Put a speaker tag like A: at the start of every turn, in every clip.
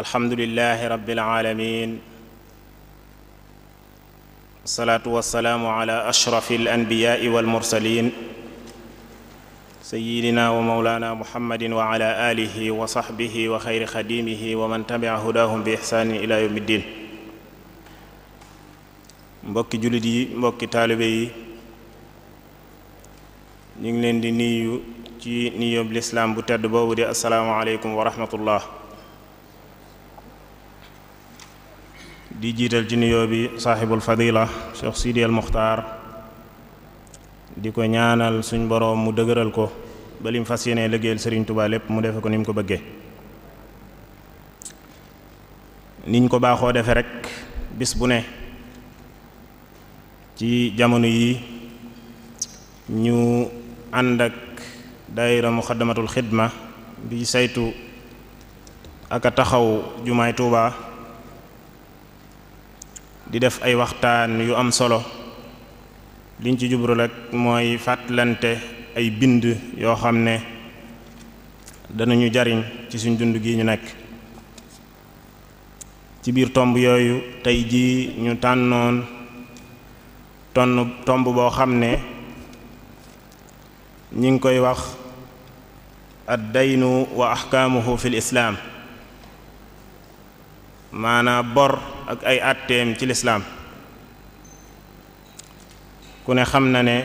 A: alhamdulilahi rabbil alamin asalaatu wassalaamu ala ashraf alanbiyaai walmursalin sayidina wa maulana muhammadin wa ala alihi wa saxbihi wa xayri xadimihi wa man tabia hudaahum bi ixsaanin ila yawmi ddin mbokki jullit yi mbokki taalibe yi ñu ngi leen di nuyu ci nuyoob lislaam bu tedd boobu di assalaamu aleykum wa rahmatullah di jiital ci niyoo bi saaxibul fadila Cheikh Sidi El Muxtaar di ko ñaanal suñ boroom mu dëgëral ko ba lim fas yéene liggéeyal sëriñ Touba lépp mu defe ko ni mu ko bëggee niñ ko baaxoo defe rek bis bu ne ci jamono yi ñu ànd ak daayira muxaddamatul xidma bi saytu aka taxaw jumaay Touba di def ay waxtaan yu am solo liñ ci jublu rek mooy fàttalante ay bind yoo xam ne danañu jariñ ci suñ dund gi ñu nekk ci biir tomb yooyu tey jii ñu tànnoon tonn tomb boo xam ne ñi ngi koy wax ad daynu wa ahkaamuhu fil islaam maanaa bor ak ay àtteem ci lislaam ku ne xam na ne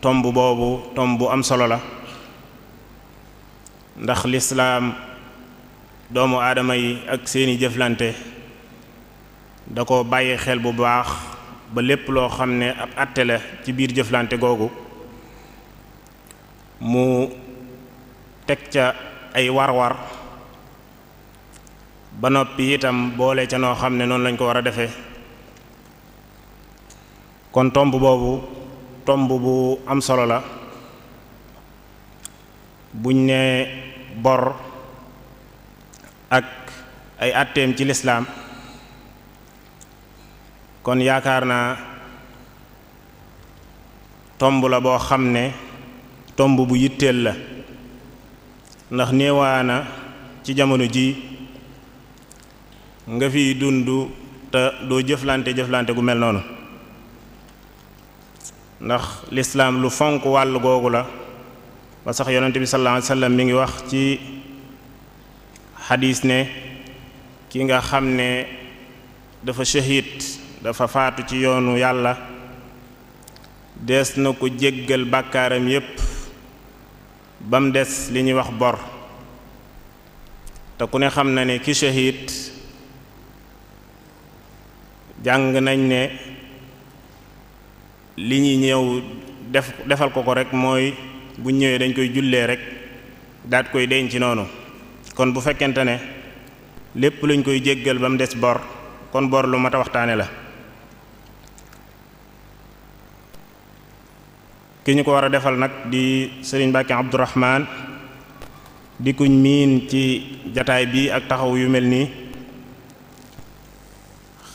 A: tomb boobu tomb bu am solo la ndax lislaam doomu aadama yi ak seeni jëflante da ko bàyyi xel bu baax ba lépp loo xam ne ab àtte la ci biir jëflante googu mu teg ca ay war-war ba noppi itam boole ca noo xam ne noonu lañ ko war a defe kon tomb boobu tomb bu am solo la buñ ne bor ak ay àtteem ci lislaam kon yaakaar naa tomb la boo xam ne tomb bu yitteel la ndax néewaana ci jamono ji nga fi dund te doo jëflante jëflante gu mel noonu ndax lislaam lu fonk wàll googu la ba sax yonente bi sallallahu alayhi mi ngi wax ci xadiis ne ki nga xam ne dafa shahid dafa faatu ci yoonu yàlla des na ko jéggal bàkkaaram yépp ba mu des li ñuy wax bor te ku ne xam na ne ki shahid jàng nañ ne li ñuy ñëw def defal ko ko rek mooy bu ñëwee dañ koy jullee rek daat koy deñ ci noonu kon bu fekkente ne lépp lañ koy jéggal ba mu des bor kon bor lu mat a waxtaane la ki ñu ko war a defal nag di sëriñ Mbàkke Abdourahman di kuñ miin ci jataay bi ak taxaw yu mel nii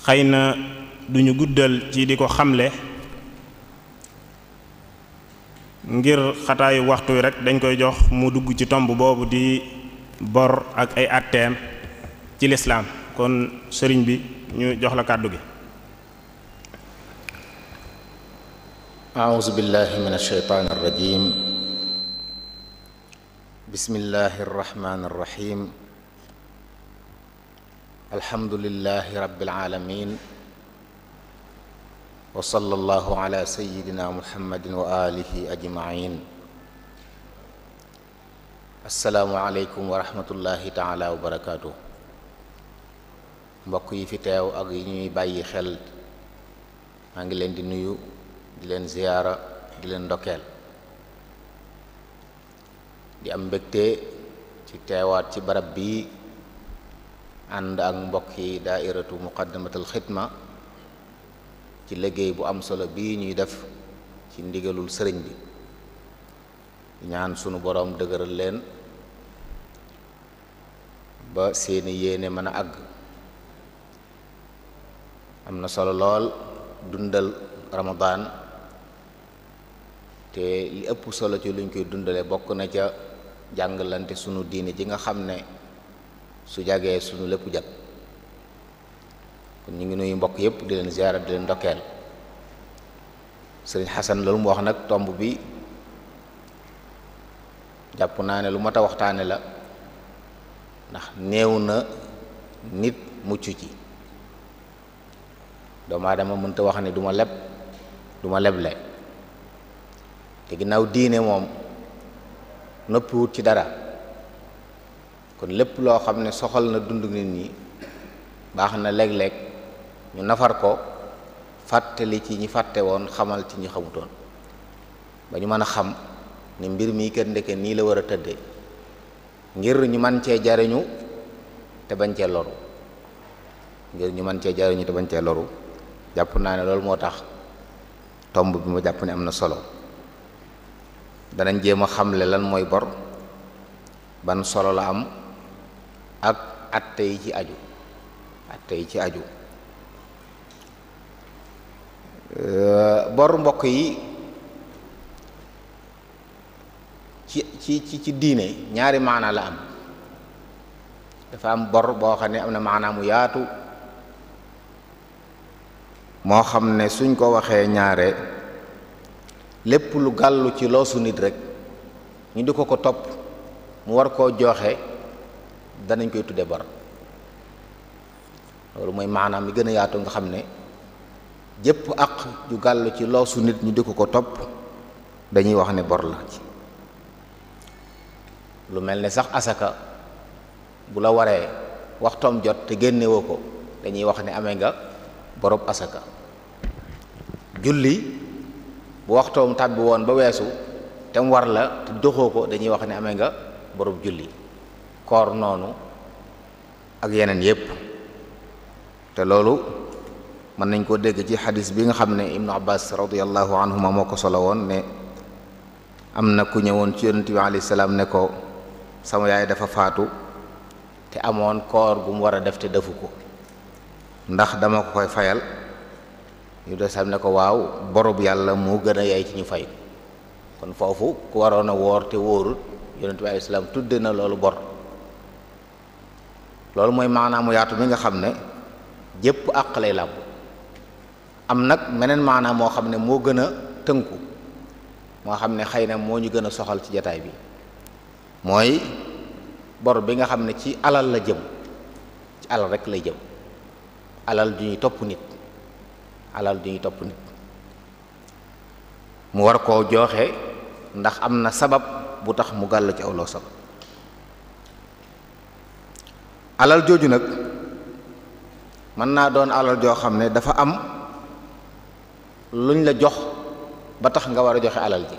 A: xëy na duñu guddal ci di ko xamle ngir xataayu waxtu wi rek dañ koy jox mu dugg ci tomb boobu di bor ak ay atteem ci lislaam kon sëriñ bi ñu jox la kàddu gi
B: أعوذ بالله من alhamdulilahi rabbil alamin wa sallallahu ala sayidina muhammadin wa alihi ajmain assalaamu aleykum wa taala wa barakaatu mbokk yi fi teew ak yi ñuy bàyyi xel maa ngi leen di nuyu di leen ziyaara di leen ndokkeel di am mbégte ci teewaat ci barab bii ànd ak mbokk yi daairatu muqaddamatul xidma ci liggéey bu am solo bii ñuy def ci ndigalul sëriñ bi ñaan sunu boroom dëgëral leen ba seeni yéene mën a àgg am na solo lool dundal ramadaan te li ëpp solo ci luñ koy dundale bokk na ca jàngalante sunu diini ji nga xam ne su jàggee suñu lépp jag kon ñu ngi nuy mbokk yépp di leen ziara di leen ndokkeel sëriñ xasan loolu mu wax nag tomb bi jàpp naa ne lu mat a waxtaane la ndax néew na nit mucc ci doomu aadama mënta wax ne duma ma leb du leble te ginnaaw diine moom noppiwut ci dara kon lépp loo xam ne soxal na dund nit ñi baax na léeg-léeg ñu nafar ko fàttali ci ñi fàtte woon xamal ci ñi xamutoon ba ñu mën a xam ni mbir mii kat ndeke nii la war a tëdde ngir ñu man cee jariñu te bañ cee loru ngir ñu man cee jariñu te bañ cee loru jàpp naa ne loolu moo tax tomb bi mu jàpp ne am na solo danañ jéem a xamle lan mooy bor ban solo la am ak atte yi ci aju atte yi ci aju bor mbokk yi ci ci ci diine ñaari maana la am dafa am bor boo xam ne am na maanaa mu yaatu moo xam ne suñ ko waxee ñaare lépp lu gàllu ci loosu nit rek ñu di ko ko topp mu war koo joxe danañ koy tudde bor loolu mooy maanaam mi gën a yaatu nga xam ne jëpp àq ju gàll ci loosu nit ñu di ko ko topp dañuy wax ne bor la lu mel ne sax asaka bu la waree waxtoom jot te génnewoo ko dañuy wax ne amee nga borob asaka julli bu waxtoom tàbbi woon ba weesu te mu war la te joxoo ko dañuy wax ne amee nga borob julli koor noonu ak yeneen yépp te loolu mën nañ koo dégg ci xadiis bi nga xam ne ibnu abbas radiallahu anhuma moo ko solo woon ne am na ku ñëwoon ci yonent bi alayhi salaam ne ko sama yaay dafa faatu te amoon koor gu mu war a def te defu ko ndax dama koy fayal ñu de sam ne ko waaw borub yàlla moo gën a yaay ci ñu fay kon foofu ku waroon a woor te wóorut yonent bi alayhi salaam tudde na loolu bor loolu mooy maanaamu yaatu mi nga xam ne jëpp àq lay làmb am nag meneen maanaam moo xam ne moo gën a tënku moo xam ne xëy na moo ñu gën a soxal ci jataay bi mooy bor bi nga xam ne ci alal la jëm ci alal rek lay jëm alal du ñuy topp nit alal du ñuy topp nit mu war koo jooxe ndax am na sabab bu tax mu gàll ci awloo sabab alal jooju nag mën naa doon alal joo xam ne dafa am luñ la jox ba tax nga war a joxe alal ji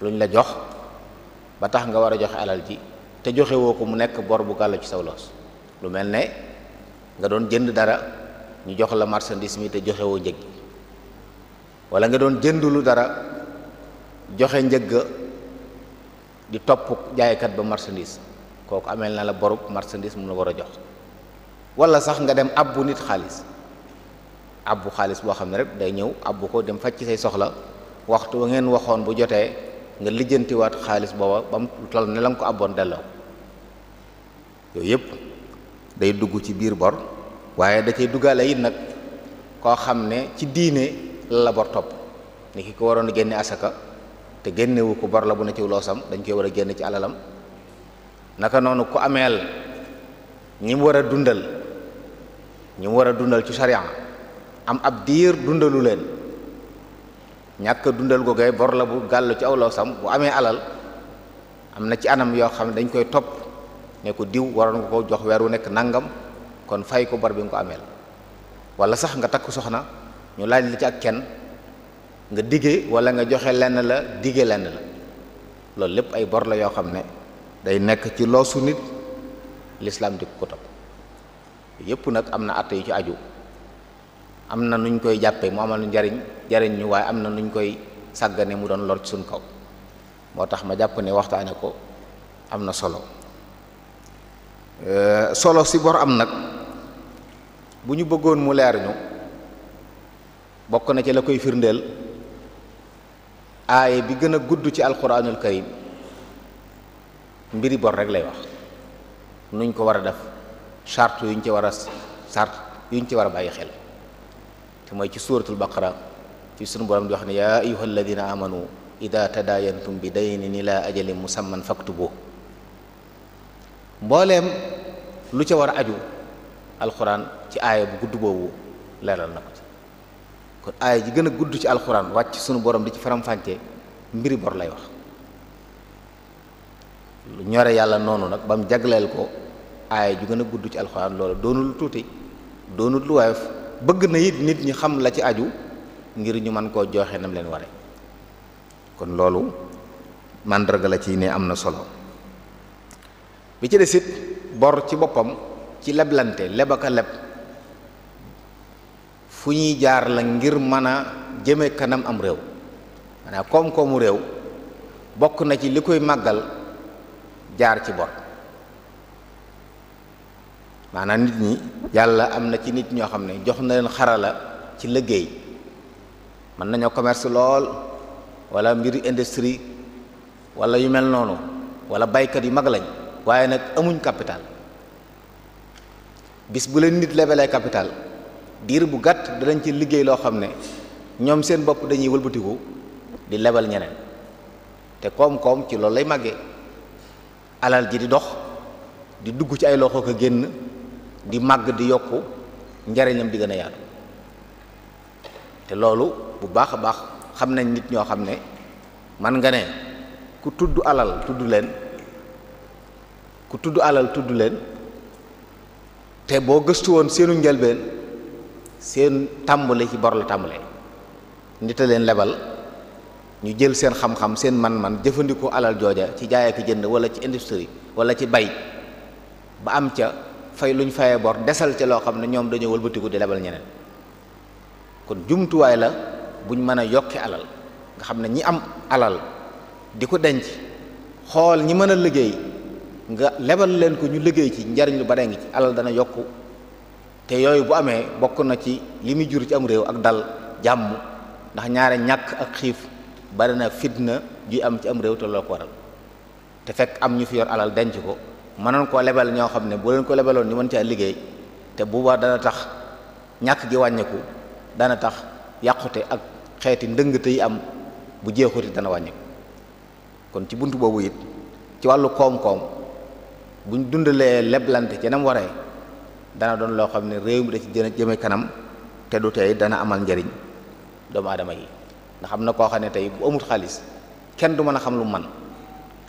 B: luñ la jox ba tax nga war a joxe alal ji te joxe woo ko mu nekk bor bu gàll ci saw lu mel ne nga doon jënd dara ñu jox la marchandise mi te joxewoo woo njëg wala nga doon jënd lu dara joxe njëgga di topp jaaykat ba marchandise ko amee na la borub marchandise mu la war a jox wala sax nga dem abbu nit xaalis abbu xaalis boo xam ne rek day ñëw abbu ko dem faj ci say soxla waxtu wa ngeen waxoon bu jotee nga lijjantiwaat xaalis booba ba mu toll ne la nga ko abboon delloo yooyu yëpp day dugg ci biir bor waaye da cay duggaale it nag koo xam ne ci diine la la bor topp ni ki ko waroon a génne asaka te génnewu ko bor la bu ne ci loosam dañ koy war a génne ci alalam naka noonu ku ameel ñi mu war a dundal ñi mu war a dundal ci sariya am ab diir dundalu leen ñàkk dundal googee bor la bu gàll ci aw law sam bu amee alal am na ci anam yoo xam ne dañ koy topp ne ko diw waroon nga ko jox weer wu nekk nangam kon fay ko bor bi nga ko ameel wala sax nga takk soxna ñu laaj la ci ak kenn nga dige walla nga joxe lenn la dige lenn la loolu lépp ay bor la yoo xam ne day nekk ci loosu nit lislaam di ko topp yépp nag am na àtte yu ci aju am na nuñ koy jàppee mu amal nu njariñ jariñ waaye am na nuñ koy sàggane mu doon lor suñ kaw moo tax ma jàpp ne waxtaane ko am na solo euh, solo si bor am nag bu ñu bëggoon mu leer ñu bokk na ci la koy firndeel aaye bi gën a gudd ci alquranul karim mbiri bor rek lay wax nuñ ko war a def charte yuñ ci war a charte yuñ ci war a bàyyi xel te mooy ci suuratul baqara ci sunu borom di wax ne yaa ayuha alladina amanu ida tadaayantum bi daynin ila ajalin musamman faktubu mbooleem lu ca war a aju alxuraan ci aaya bu gudd boobu leeral na ko ci kon aaya ji gën a gudd ci alxuraan wàcc sunu borom di ci faram-fàccee mbiri bor lay wax lu ñore yàlla noonu nag ba mu jagleel ko aaya ju gën a gudd ci alxuraan loolu doonul lu tuuti doonul lu woyof bëgg na it nit ñi xam la ci aju ngir ñu mën koo joxe nam leen ware kon loolu màndarga la ci ne am na solo bi ci des bor ci boppam ci leblante leb ak leb fu ñuy jaar la ngir mën a jëme kanam am réew maanaam koom-koomu réew bokk na ci li koy màggal jaar ci bor maanaam nit ñi yàlla am na ci nit ñoo xam ne jox na leen xarala ci liggéey mën nañoo commerce lool walla mbir industrie wala yu mel noonu wala baykat yu mag lañ waaye nag amuñ capital bis bu leen nit lebelee capital diir bu gàtt danañ ci liggéey loo xam ne ñoom seen bopp dañuy wëlbatiku di lebal ñeneen te koom-koom ci loolu lay màggee alal ji di dox di dugg ci ay loxo ko génn di màgg di yokku njariñam di gën a yaatu te loolu bu baax a baax xam nañ nit ñoo xam ne man nga ne ku tudd alal tudd leen ku tudd alal tudd leen te boo gëstu woon seenu njëlbeen seen tàmbale ci bor la tàmbalee nit a leen lebal ñu jël seen xam-xam seen man-man jëfandikoo alal jooja ci jaay ak jënd wala ci industrie wala ci bay ba am ca fay lu ñu fayee bor desal ca loo xam ne ñoom dañoo wëlbatiku di lebal ñeneen kon jumtuwaay la buñ mën a yokki alal nga xam ne ñi am alal di ko denc xool ñi mën a liggéey nga lebal leen ko ñu liggéey ci njariñ lu bare ngi ci alal dana yokk te yooyu bu amee bokk na ci li muy jur ci am réew ak dal jàmm ndax ñaare ñàkk ak xiif bari na fit na juy am ci am réew te loo ko waral te fekk am ñu fi yor alal denc ko mënoon koo lebal ñoo xam ne bu leen ko lebaloon ñu mën caa liggéey te bu boobaa dana tax ñàkk gi wàññeeku dana tax yàqute ak xeeti ndëng te yi am bu jeexuti dana wàññeeku kon ci bunt boobu it ci wàllu koom-koom buñ dundalee leblante ci nam waree dana doon loo xam ne réew mi da ci jëme kanam te du tey dana amal njariñ doomu aadama yi ndax am na koo xam ne tey bu amut xaalis kenn du mën a xam lu man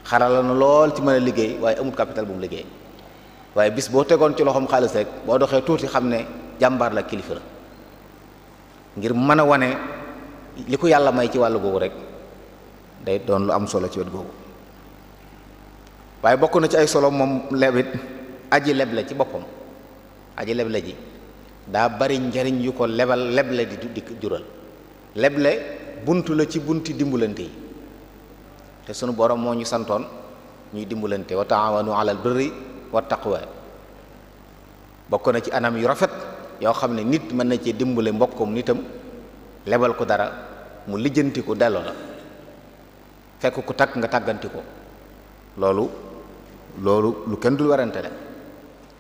B: xarala na lool ci mën a liggéey waaye amut capital bu mu liggéey waaye bis boo tegoon ci loxoom xaalis rek boo doxee tuuti xam ne jàmbaar la kilifa la ngir mën a wane li ko yàlla may ci wàllu googu rek day doon lu am solo ci wet googu waaye bokk na ci ay solo moom lebit aji leble ci boppam aji leble ji daa bari njariñ yu ko lebal leble di di jural leble bunt la ci bunti dimbalante yi te sunu borom moo ñu santoon ñuy dimbalante wa taawanu alal birri wa taqwa bokk na ci anam yu rafet yoo xam ne nit mën na cee dimbale mbokkum nitam lebal ko dara mu lijjanti ko delloo la fekk ko takk nga tàgganti ko loolu loolu lu kenn dul werante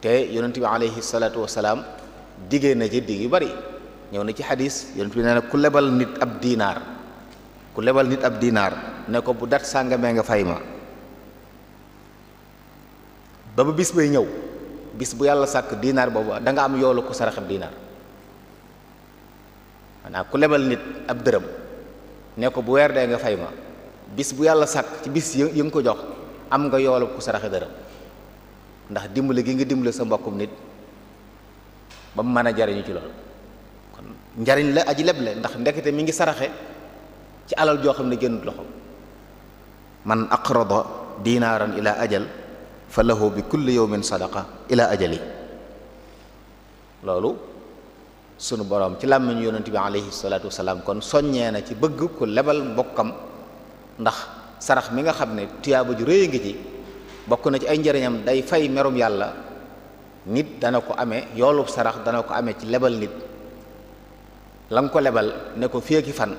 B: te yonent bi aleyhi salaatu wasalaam diggee na ci digg yu bari ñëw na ci xadis yonent bi nee na ku lebal nit ab diinaar ku lebal nit ab diinaar ne ko bu dat sàngamee nga fay ma ba ba bis bay ñëw bis bu yàlla sàkk diinaar boobu danga am yoolu ku sarax ab diinaar maanaam ku lebal nit ab dërëm ne ko bu weer dee nga fay ma bis bu yàlla sàkk ci bis yi nga ko jox am nga yoolu ku saraxe dërëm ndax dimbali gi nga dimbali sa mbokkum nit ba mu mën a jariñu ci loolu njariñ la aji leble ndax ndekete mi ngi saraxe ci alal joo xam ne génnut loxo man aqrada dinaaran ila ajal fa lahu bi kulli yawmin sadaqa ila ajali loolu sunu boroom ci làmmiñu yonent bi alayhi kon soññee na ci bëgg ku lebal mbokkam ndax sarax mi nga xam ne tuyaaba ju rëy ngi ci bokk na ci ay njariñam day fay merum yàlla nit dana ko ame yoolub sarax dana ko amee ci lebal nit la nga ko lebal ne ko fii fan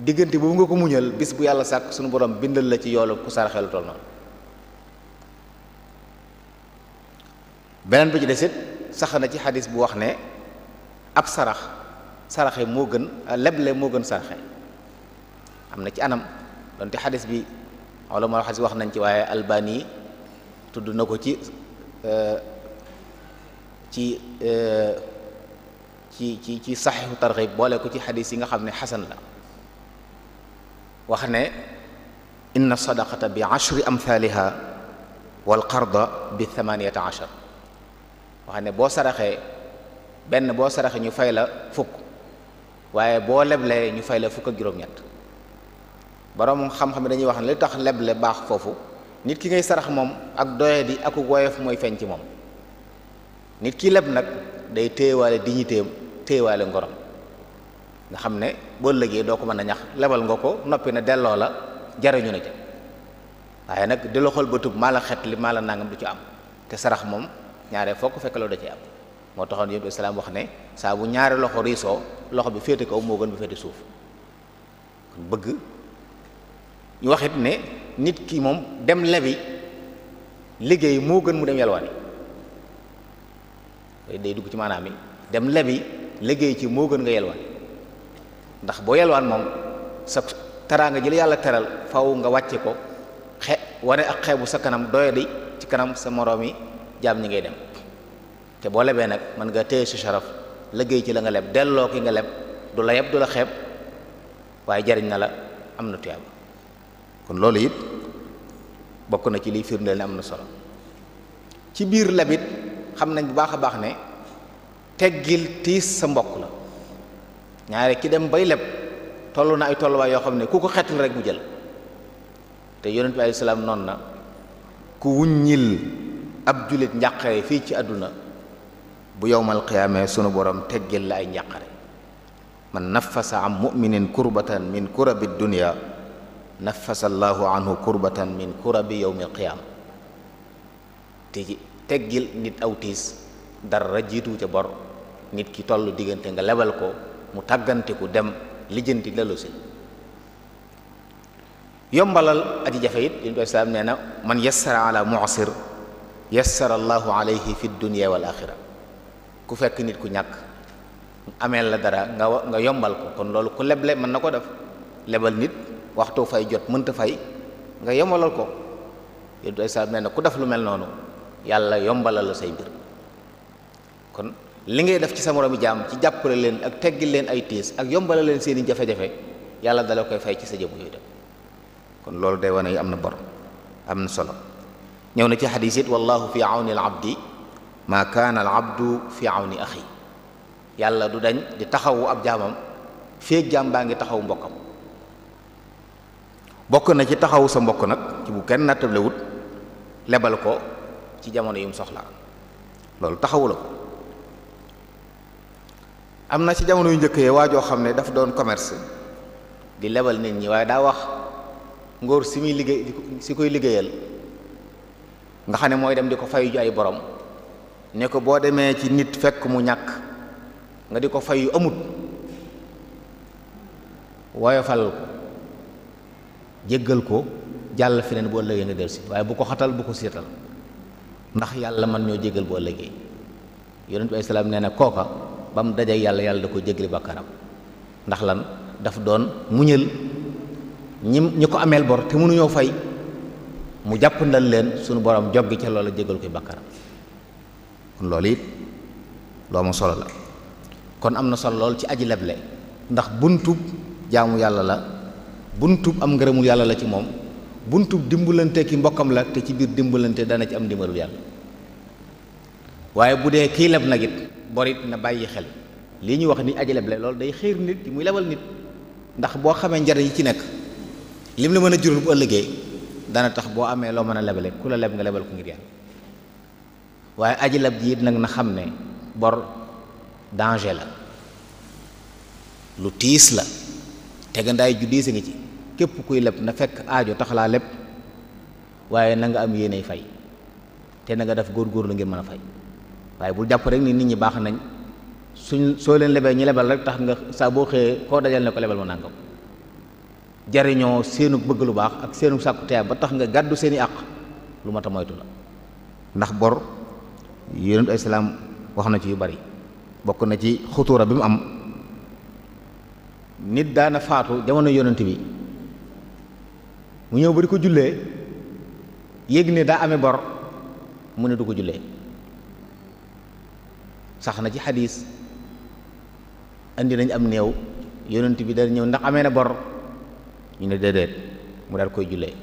B: diggante boobu nga ko muñal bis bu yàlla sàkk suñu borom bindal la ci yoolu ku saraxelu tol noonu beneen bi ci desit sax na ci xadis bu wax ne ab sarax saraxe moo gën leble moo gën saraxe am na ci anam donte xadis bi wala moo xadis wax nañ ci waaye albani yi tudd na ko ci euh, ci euh, ci ci ci saxiixu tarxib boole ko ci xadis yi nga xam ne xasan la wax ne inna sadaqata bi ashri amthaliha wal qarda bi thamaniyata ashar wax ne boo saraxee benn boo saraxee ñu fay la fukk waaye boo leblee ñu fay la fukk ak juróom-ñett borom xam-xam dañuy wax ne li tax leble baax foofu nit ki ngay sarax moom ak doyadi ak woyof mooy feeñ ci moom nit ki leb nag day téyewaale dignitéem téewaale ngorom nga xam ne boo lëgee doo ko mën a ñax lebal nga ko noppi na delloo la jariñu na ca waaye nag di loxol xool ba tub maa la xet li maa la nangam du ci am te sarax moom ñaaree fokk fekk loo da ci am moo taxoon yëpp islaam wax ne saa bu ñaari loxo riisoo loxo bi féete kaw moo gën bu féete suuf kon bëgg ñu wax ne nit kii moom dem lebi liggéey moo gën mu dem yalwaani day dugg ci maanaam yi dem lebi liggéey ci moo gën nga yelwaan ndax boo yelwaan moom sa teraanga ji yàlla teral faw nga wàcce ko xe wane ak xeebu sa kanam doyadi ci kanam sa moroom yi jaam ñi ngay dem te boo lebee nag mën nga téye su saraf liggéey ci la nga leb delloo ki nga leb du la yeb du la xeeb waaye jariñ na la am na tuyaaba kon loolu it bokk na ci lii firndeel ne am na solo ci biir lebit xam nañ bu baax a baax ne teggil tiis sa mbokk la ñaare ki dem bay leb toll na ay tolluwaay yoo xam ne ku ko xetul rek bu jël te yonent bi aleyhi salaam noonu na ku wuññil ab jullit njàqare fii ci àdduna bu yowmal qiyaamee sunu borom teggil la ay njàqare man nafasa an muminin kurbatan min kurabi dunia nafasa allahu anhu kurbatan min kurabi yowmil qiyaama te teggil nit aw tiis dara jiitu ca bor nit ki toll diggante nga lebal ko mu tàgganteku dem lijjanti dellu si yombalal aji jafe it yonent bi islaam nee na man yassara ala mu'sir yassara allahu wal axira ku fekk nit ku ñàkk ameel la dara nga yombal ko kon loolu ku leble mën na ko def lebal nit waxtu fay jot mënta fay nga yombalal ko yonent na ku def lu mel noonu yàlla yombalal la say mbir kon li ngay def ci sa moroomi jaam ci jàppale leen ak teggil leen ay tiis ak yombala leen seeni jafe-jafe yàlla dala koy fay ci sa jëmm yooyu dem kon loolu day wane am na bor am na solo ñëw na ci xadis it wallahu fi awni al abdi ma kaana al abdu fi awni axi yàlla du dañ di taxawu ab jaamam feeg jaam baa ngi taxaw mbokkam bokk na ci taxawu sa mbokk nag ci bu kenn nattablewut lebal ko ci jamono yu mu soxlaa loolu taxawu la ko am na ci jamono yu njëkk yee waa joo xam ne dafa doon commerce di lebal nit ñi waaye daa wax ngóor si muy liggéey si koy liggéeyal nga xam ne mooy dem di ko fayu ju ay borom ne ko boo demee ci nit fekk mu ñàkk nga di ko fayu amut woyofal ko jéggal ko jàll fi neen boo ëllëgee nga si waaye bu ko xatal bu ko seetal ndax yàlla man ñoo jéggal boo léegi yonent bi ay salaam nee na kooka ba mu dajee yàlla yàlla da ko jégli bàkkaaram ndax lan daf doon muñal ñi ñi ko ameel bor te mënuñoo fay mu jàpp ndal leen sunu borom joggi ca loola jégal koy bàkkaaram kon loolu it loo ma solo la kon am na solo lool ci aji leble ndax buntub jaamu yàlla la buntub am ngërëmu yàlla la ci moom buntub dimbalante ki mbokkam la te ci biir dimbalantee dana ci am dimbalu yàlla waaye bu dee kii leb nag it na bàyyi xel lii ñuy wax ni le loolu day xiir nit muy lebal nit ndax boo xamee njariñ yi ci nekk lim la mën a jural bu ëllëgee dana tax boo amee loo mën a lebale ku la leb nga lebal ko ngir yàlla waaye ajalab ji it nag na xam ne bor danger la lu tiis la tegandaay ju diis ngi ci képp kuy leb na fekk aajo tax laa leb waaye na nga am yéenay fay te na nga def góorgóorlu ngir mën a fay waaye bul jàpp rek ni nit ñi baax nañ suñ soo leen lebee ñu lebal rek tax nga saa boo xëyee koo dajal ne ko lebal ma nangam jariñoo seenu bëgg lu baax ak seenu sàkku teew ba tax nga gàddu seen i àq lu mat a la ndax bor yonent ay wax na ci yu bari bokk na ci xutuura bi mu am nit daana faatu jamono yonent bi mu ñëw ba di ko jullee yéeg ne daa amee bor mu ne du ko jullee sax na ci xadiis andi nañ am néew yonent bi dal ñëw ndax amee na bor ñu ne déedéet mu dal koy jullee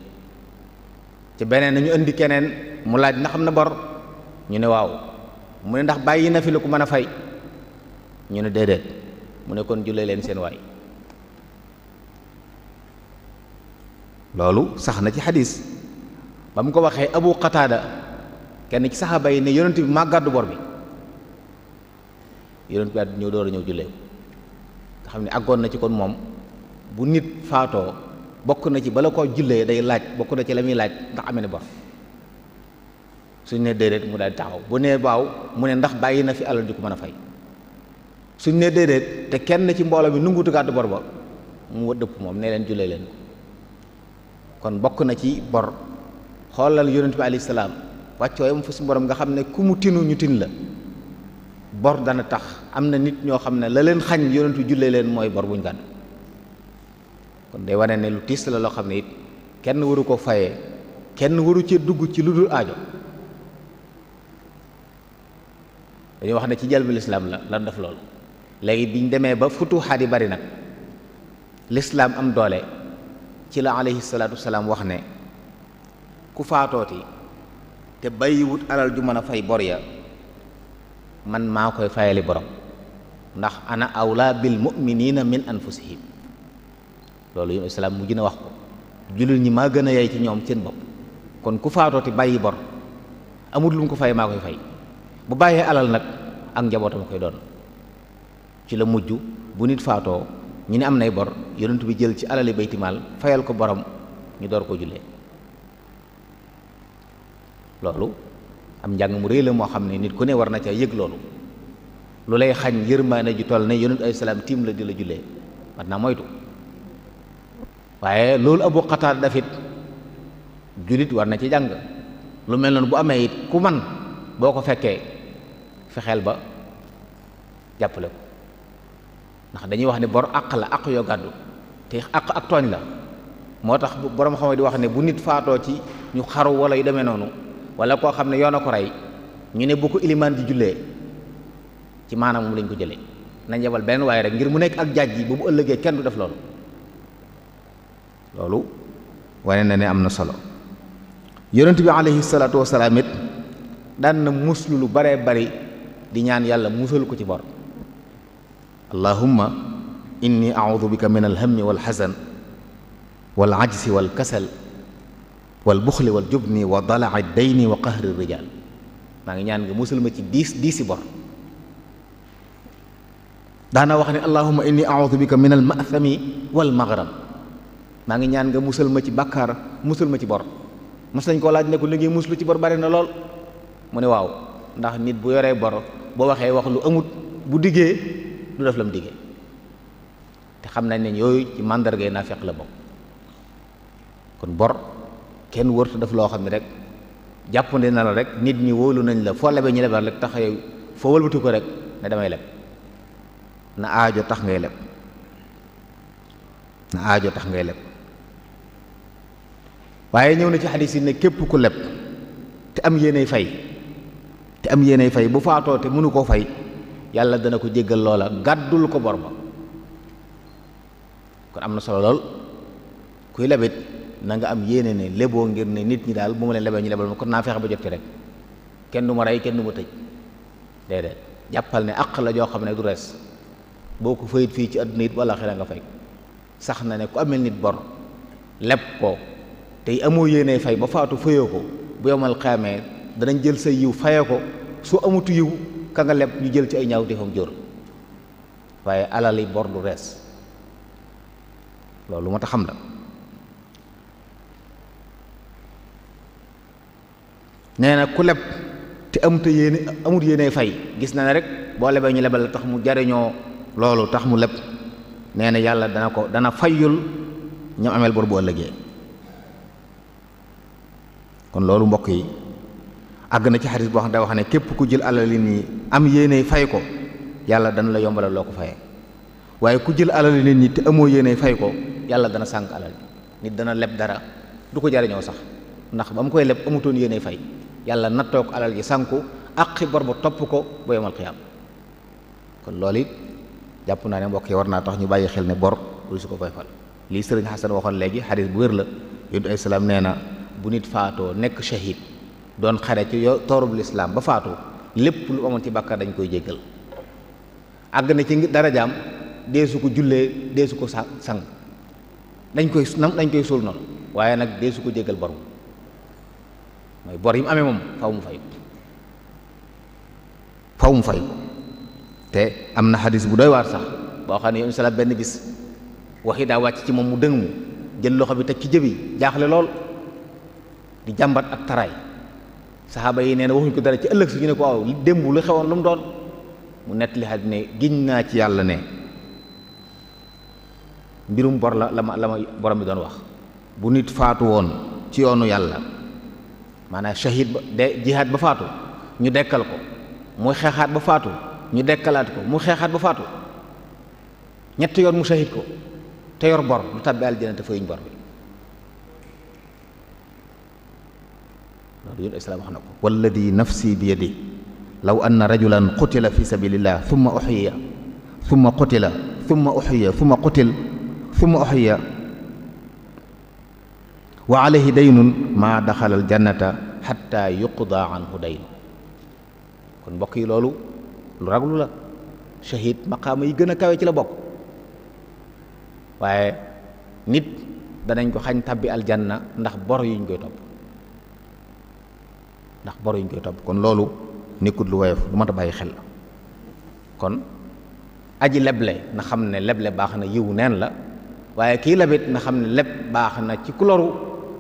B: ci beneen nañu indi keneen mu laaj ndax am na bor ñu ne waaw mu ne ndax bàyyi na fi la ko mën a fay ñu ne déedéet mu ne kon jullee leen seen waay loolu sax na ci xadiis ba mu ko waxee abu qataada kenn ci saxaaba yi ne yonent bi maa gàddu bor bi yonent bi àddina ñëw door a ñëw jullee nga xam ne àggoon na ci kon moom bu nit faatoo bokk na ci bala koo jullee day laaj bokk na ci la muy laaj ndax amee na bor suñ ne déedéet mu daal taxaw bu nee baaw mu ne ndax bàyyi na fi alal di ko mën a fay suñ ne déedéet te kenn ci mbooloo mi nungutu gàddu bor ba mu dëpp moom ne leen jullee leen kon bokk na ci bor xoolal yonent bi alayhi salaam wàccoo yam fa su borom nga xam ne ku mu tinu ñu tin la bor dana tax am na nit ñoo xam ne la leen xañ yonentu jullee leen mooy bor buñ gàddu kon day wane ne lu tiis la loo xam ne it kenn waru ko fayee kenn waru cee dugg ci lu dul aajo dañu wax ne ci jalbi lislaam la lan def loolu léegi biñ demee ba futuxaat yi bari nag lislaam am doole ci la alayhi salaatu salaam wax ne ku faatooti te bàyyiwut alal ju mën a fay bor ya man maa koy fayali borom ndax ana awla bil muminina min anfusihim loolu yoonu islaam mu gën a wax ko jullit ñi maa gën a yey ci ñoom seen bopp kon ku faatooti bàyyi bor amut lu mu ko fay maa koy fay bu bàyyee alal nag ak njabootam koy doon ci la mujj bu nit faatoo ñu ne am nay bor yonent bi jël ci alali baytimaal fayal ko borom ñu door koo jullee loolu am njàng mu rëy la moo xam ne nit ku ne war na caa yëg loolu lu lay xañ yërmaane ju toll ne yonent ay salaam tiim la di la jullee war naa moytu waaye loolu abu xataar dafit julit war na ci jàng lu mel noonu bu amee it ku man boo ko fekkee fexeel ba jàppale ko ndax dañuy wax ne bor àq la àq yoo gàddu te àq ak tooñ la moo tax borom xam di wax ne bu nit faatoo ci ñu xaru wala yu demee noonu wala koo xam ne yoon a ko rey ñu ne bu ko ilimaan di jullee ci maanaam moom lañ ko jëlee nañ yebal benn waaye rek ngir mu nekk ak jaaj yi bu mu ëllëgee kenn du def loolu loolu wane na ne am na solo yonent bi aleyhi salaatu wasalaam it daan na muslu lu baree bari di ñaan yàlla musal ko ci bor allahumma inni a'udhu bika min alhammi wal hazan wal ajsi wal kasal wal buxli wal jubni wa dalaa dayni wa qahri rijaal maa ngi ñaan nga musul ma ci diis diisi bor daana wax ne allahuma inni audu bika min al mathami wal maghram maa ngi ñaan nga musal ma ci bàkkaar musal ma ci bor mas nañ laaj ne ko li ngay muslu ci bor bari na lool mu ne waaw ndax nit bu yoree bor boo waxee wax lu amut bu diggee du def lam diggee te xam na ne yooyu ci màndargay feq la bokk kon bor kenn wërta def loo xam ne rek jàppandi na la rek nit ñi wóolu nañ la foo lebe ñu lebal rek tax yow foo wëlbati ko rek ne damay leb na aajo tax ngay leb na aajo tax ngay leb waaye ñëw na ci xadis yi ne képp ku leb te am yéenay fay te am yéenay fay bu faatoo te mënu koo fay yàlla dana ko jéggal loola gàddul ko bor kon am na solo lool kuy lebit nanga am yéene ne leboo ngir ne nit ñi daal bu ma leen lebee ñu lebal ma kon naa fexe ba jot ci rek kenn du ma rey kenn du ma tëj déedéet jàppal ne àq la joo xam ne du rees boo ko fayit fii ci àdduna it wala xëy nga fay sax na ne ku amel nit bor leb ko tey amoo yéene fay ba faatu fayoo ko bu yomal xaamee danañ jël sa yiw faye ko soo amatu yiw ka nga leb ñu jël ci ay ñaaw defam jóor waaye alali bor du rees loolu moo tax xam la nee na ku leb te amut yéene amut fay gis na ne rek boo lebee ñu lebal tax mu jariñoo loolu tax mu leb nee na yàlla dana ko dana fayul ñam ameel bor bu ëllëgee kon loolu mbokk yi àgg na ci xarit boo xam ne wax ne képp ku jël alal yi nii am yéene fay ko yàlla dana la yombalal loo ko fayee waaye ku jël alal nit ñi te amoo yéene fay ko yàlla dana sànk alal nit dana leb dara du ko jariñoo sax ndax ba mu koy leb amutoon yéene fay yàlla nattoo ko alal ji sànku aqi bor ba topp ko ba yomal xiyaam kon loolu it jàpp naa ne mbokk yi war naa tax ñu bàyyi xel ne bor lu su ko koy fal lii sëriñ Xasan waxoon léegi xadis bu wér la yonent ay nee na bu nit faatoo nekk shahid doon xare ci yo toorub lislaam ba faatoo lépp lu amoon ci bàkkaar dañ koy jéggal àgg na ci darajaam deesu ko jullee deesu ko sa sang dañ koy dañ koy suul noonu waaye nag deesu ko jéggal borom mooy bor yi mu amee moom faw mu fay faw mu fay te am na xadis bu doy waat sax boo xam ne yoon sala benn bis waxi daa wàcc ci moom mu dëng mu jël loxo bi teg ci jëbi jaaxle lool di jàmbat ak taraay saxaaba yi nee na waxuñ ko dara ci ëllëg suñu ne ko waaw démb lu xewoon lu mu doon mu nettali xadis ne giñ naa ci yàlla ne mbirum bor la la ma la ma borom bi doon wax bu nit faatu woon ci yoonu yàlla maanaa shahid ba de jihaad ba faatu ñu dekkal ko mu xeexaat ba faatu ñu dekkalaat ko mu xeexaat ba faatu ñetti yoon mu shahid ko te yor bor lu tàbbi aljana te fayuñ bor bi loolu yoon islaam wax na ko di nafsi bi yadi law anna rajulan qutila fi sabilillah thumma uxiya thumma qutila thumma uxiya thumma qutil thumma uxiya wa alayhi daynun maa daxalal jannata xatta yuqda anhu daynu kon mbokk yi loolu lu raglu la shahid maqaama yi gën a kawe ci la bokk waaye nit danañ ko xañ tàbbi al aljanna ndax bor yuñ koy topp ndax bor yuñ koy topp kon loolu nekkut lu woyof lu ma a bàyyi xel la kon aji leble na xam ne leble baax na yiw neen la waaye kii labit na xam ne leb baax na ci kuloru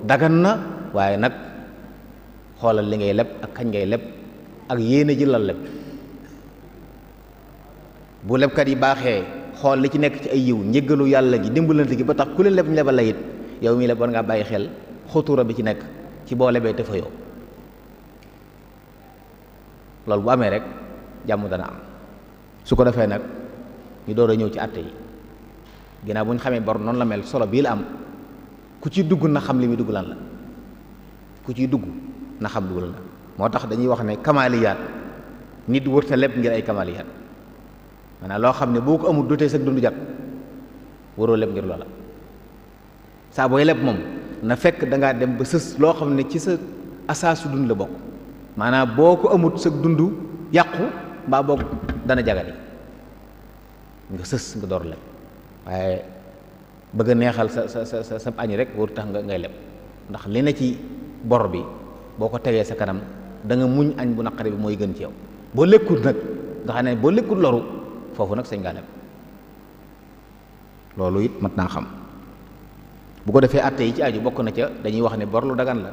B: dagan na waaye nag xoolal li ngay leb ak kañ ngay leb ak yéene ji la leb bu lebkat yi baaxee xool li ci nekk ci ay yiw njëggalu yàlla gi dimbalante gi ba tax ku leen leb ñu lebal la it yow mi leb war ngaa bàyyi xel xutura bi ci nekk ci boo lebee te fa yow loolu bu amee rek jàmm dana am su ko defee nag ñu door a ñëw ci àtte yi ginnaaw bu ñu xamee bor noonu la mel solo bii la am ku ci dugg na xam li muy dugg lan la ku ciy dugg na xam dugg lan la moo tax dañuy wax ne kamaaliyaat nit wërta lépp ngir ay kamaaliyaat maanaam loo xam ne boo ko amul dotee sag dundu jàpp waroo lépp ngir loola saa booy lépp moom na fekk da dem ba sës loo xam ne ci sa asaasu dund la bokk maanaam boo ko amut sag dund yàqu mbaa bokk dana jagari nga sës nga door lépp waaye bëgg a neexal sa sa sa sa añ rek waru tax nga ngay leb ndax na ci bor bi boo ko tegee sa kanam da nga muñ añ bu naqari bi mooy gën ci yow boo lekkut nag nga xam ne boo lekkut loru foofu nag sañ ngaa leb loolu it mat naa xam bu ko defee atte yi ci aju bokk na ca dañuy wax ne bor lu dagan la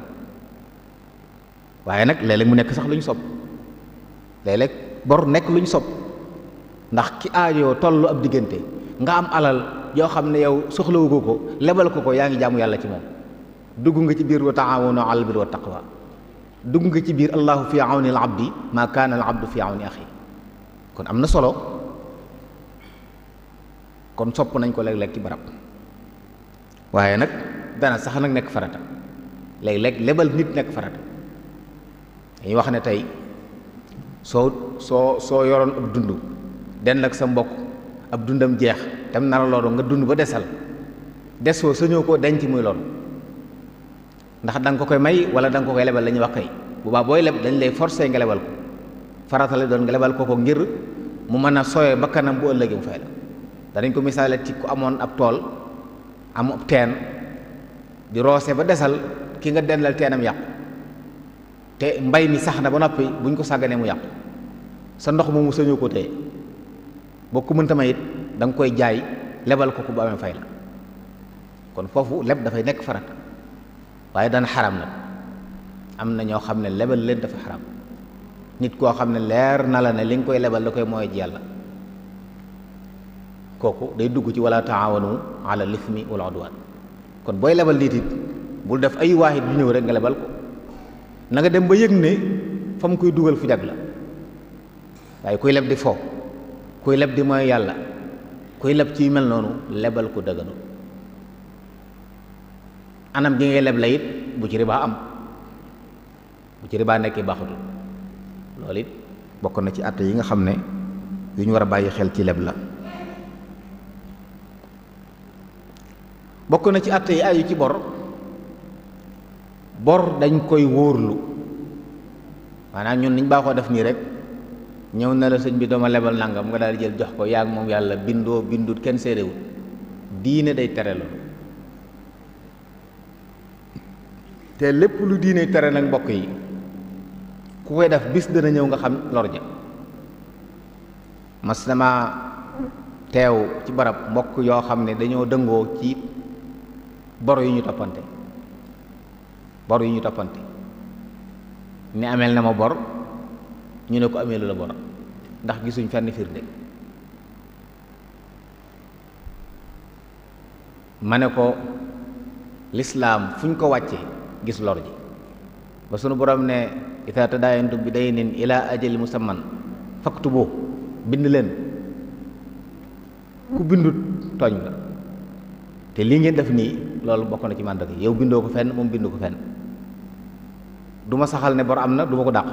B: waaye nag léeg mu nekk sax lu ñu sopp léeg bor nekk luñ sob ndax ki aajoo toll ab diggante nga am alal yoo xam ne yow soxlawu ko ko lebal ko ko yaa ngi jàmm yàlla ci moom dugg nga ci biir wa taawanu alal birri wa taqwa dugg nga ci biir allahu fi awni al abdi maa kaana al abdu fi awni axi kon am na solo kon sopp nañ ko léeg-léeg ci barab waaye nag dana sax nag nekk farata léeg lekk lebal nit nekk farata dañuy wax ne tey soo soo soo yoroon ab dund den ak sa mbokk ab dundam jeex tam nara loolu nga dund ba desal desoo sañoo koo denc muy loolu ndax da ko koy may wala da ko koy lebal la ñuy wax kay bu baa booy leb dañ lay forcé nga lebal ko farata la doon nga lebal ko ko ngir mu mën a sooyee ba kanam bu ëllëgee mu fay la danañ ko misaale ci ku amoon ab tool am teen di roose ba desal ki nga dendal teenam yàqu te mbay mi sax na ba noppi buñ ko sàgganee mu yàqu sa ndox moomu sañoo ko téye boo ko mënta may it danga koy jaay lebal ko ku bu amee fay la kon foofu leb dafay nekk farat waaye daan xaram na am na ñoo xam ne lebal leen dafa xaram nit koo xam ne leer na la ne li nga koy lebal da koy mooy ji yàlla kooku day dugg ci wala taawanu ala lithmi wal udwan kon booy lebal nit it bul def ay waahid yu ñëw rek nga lebal ko nanga dem ba yëg ne fa mu koy dugal fu jag la waaye kuy leb di fo kuy leb di mooy yàlla kuy leb ci mel noonu lebal ku dëgganul anam gi ngay leb la it bu ci ribaa am bu ci ribaa nekkee baaxutul loolu it bokk na ci àtte yi nga xam ne yu ñu war a bàyyi xel ci leb la bokk na ci àtte yi ayu ci bor bor dañ koy wóorlu maanaam ñun niñ baaxoo def nii rek ñëw na la sëñ bi dama lebal nangam nga daal di jël jox ko yaag moom yàlla bindoo bindut kenn séeréwut diine day tere loolu te lépp lu diine tere nag mbokk yi ku koy def bis dana ñëw nga xam lor ja mas teew ci barab mbokk yoo xam ne dañoo dëngoo ci bor yu ñu toppante bor yu ñu toppante ni ameel na ma bor ñu ne ko amee lu la bor ndax gisuñ fenn firnde ma ne ko lislaam fu ñu ko wàcce gis lor ji ba sunu boroom ne itaa tadaayantum bi day daynin ilaa ajali musamman boo bind leen ku bindut tooñ la te lii ngeen def nii loolu bokk na ci màndarga yow bindoo ko fenn moom bindu ko fenn du ma saxal ne bor am na du ma ko dàq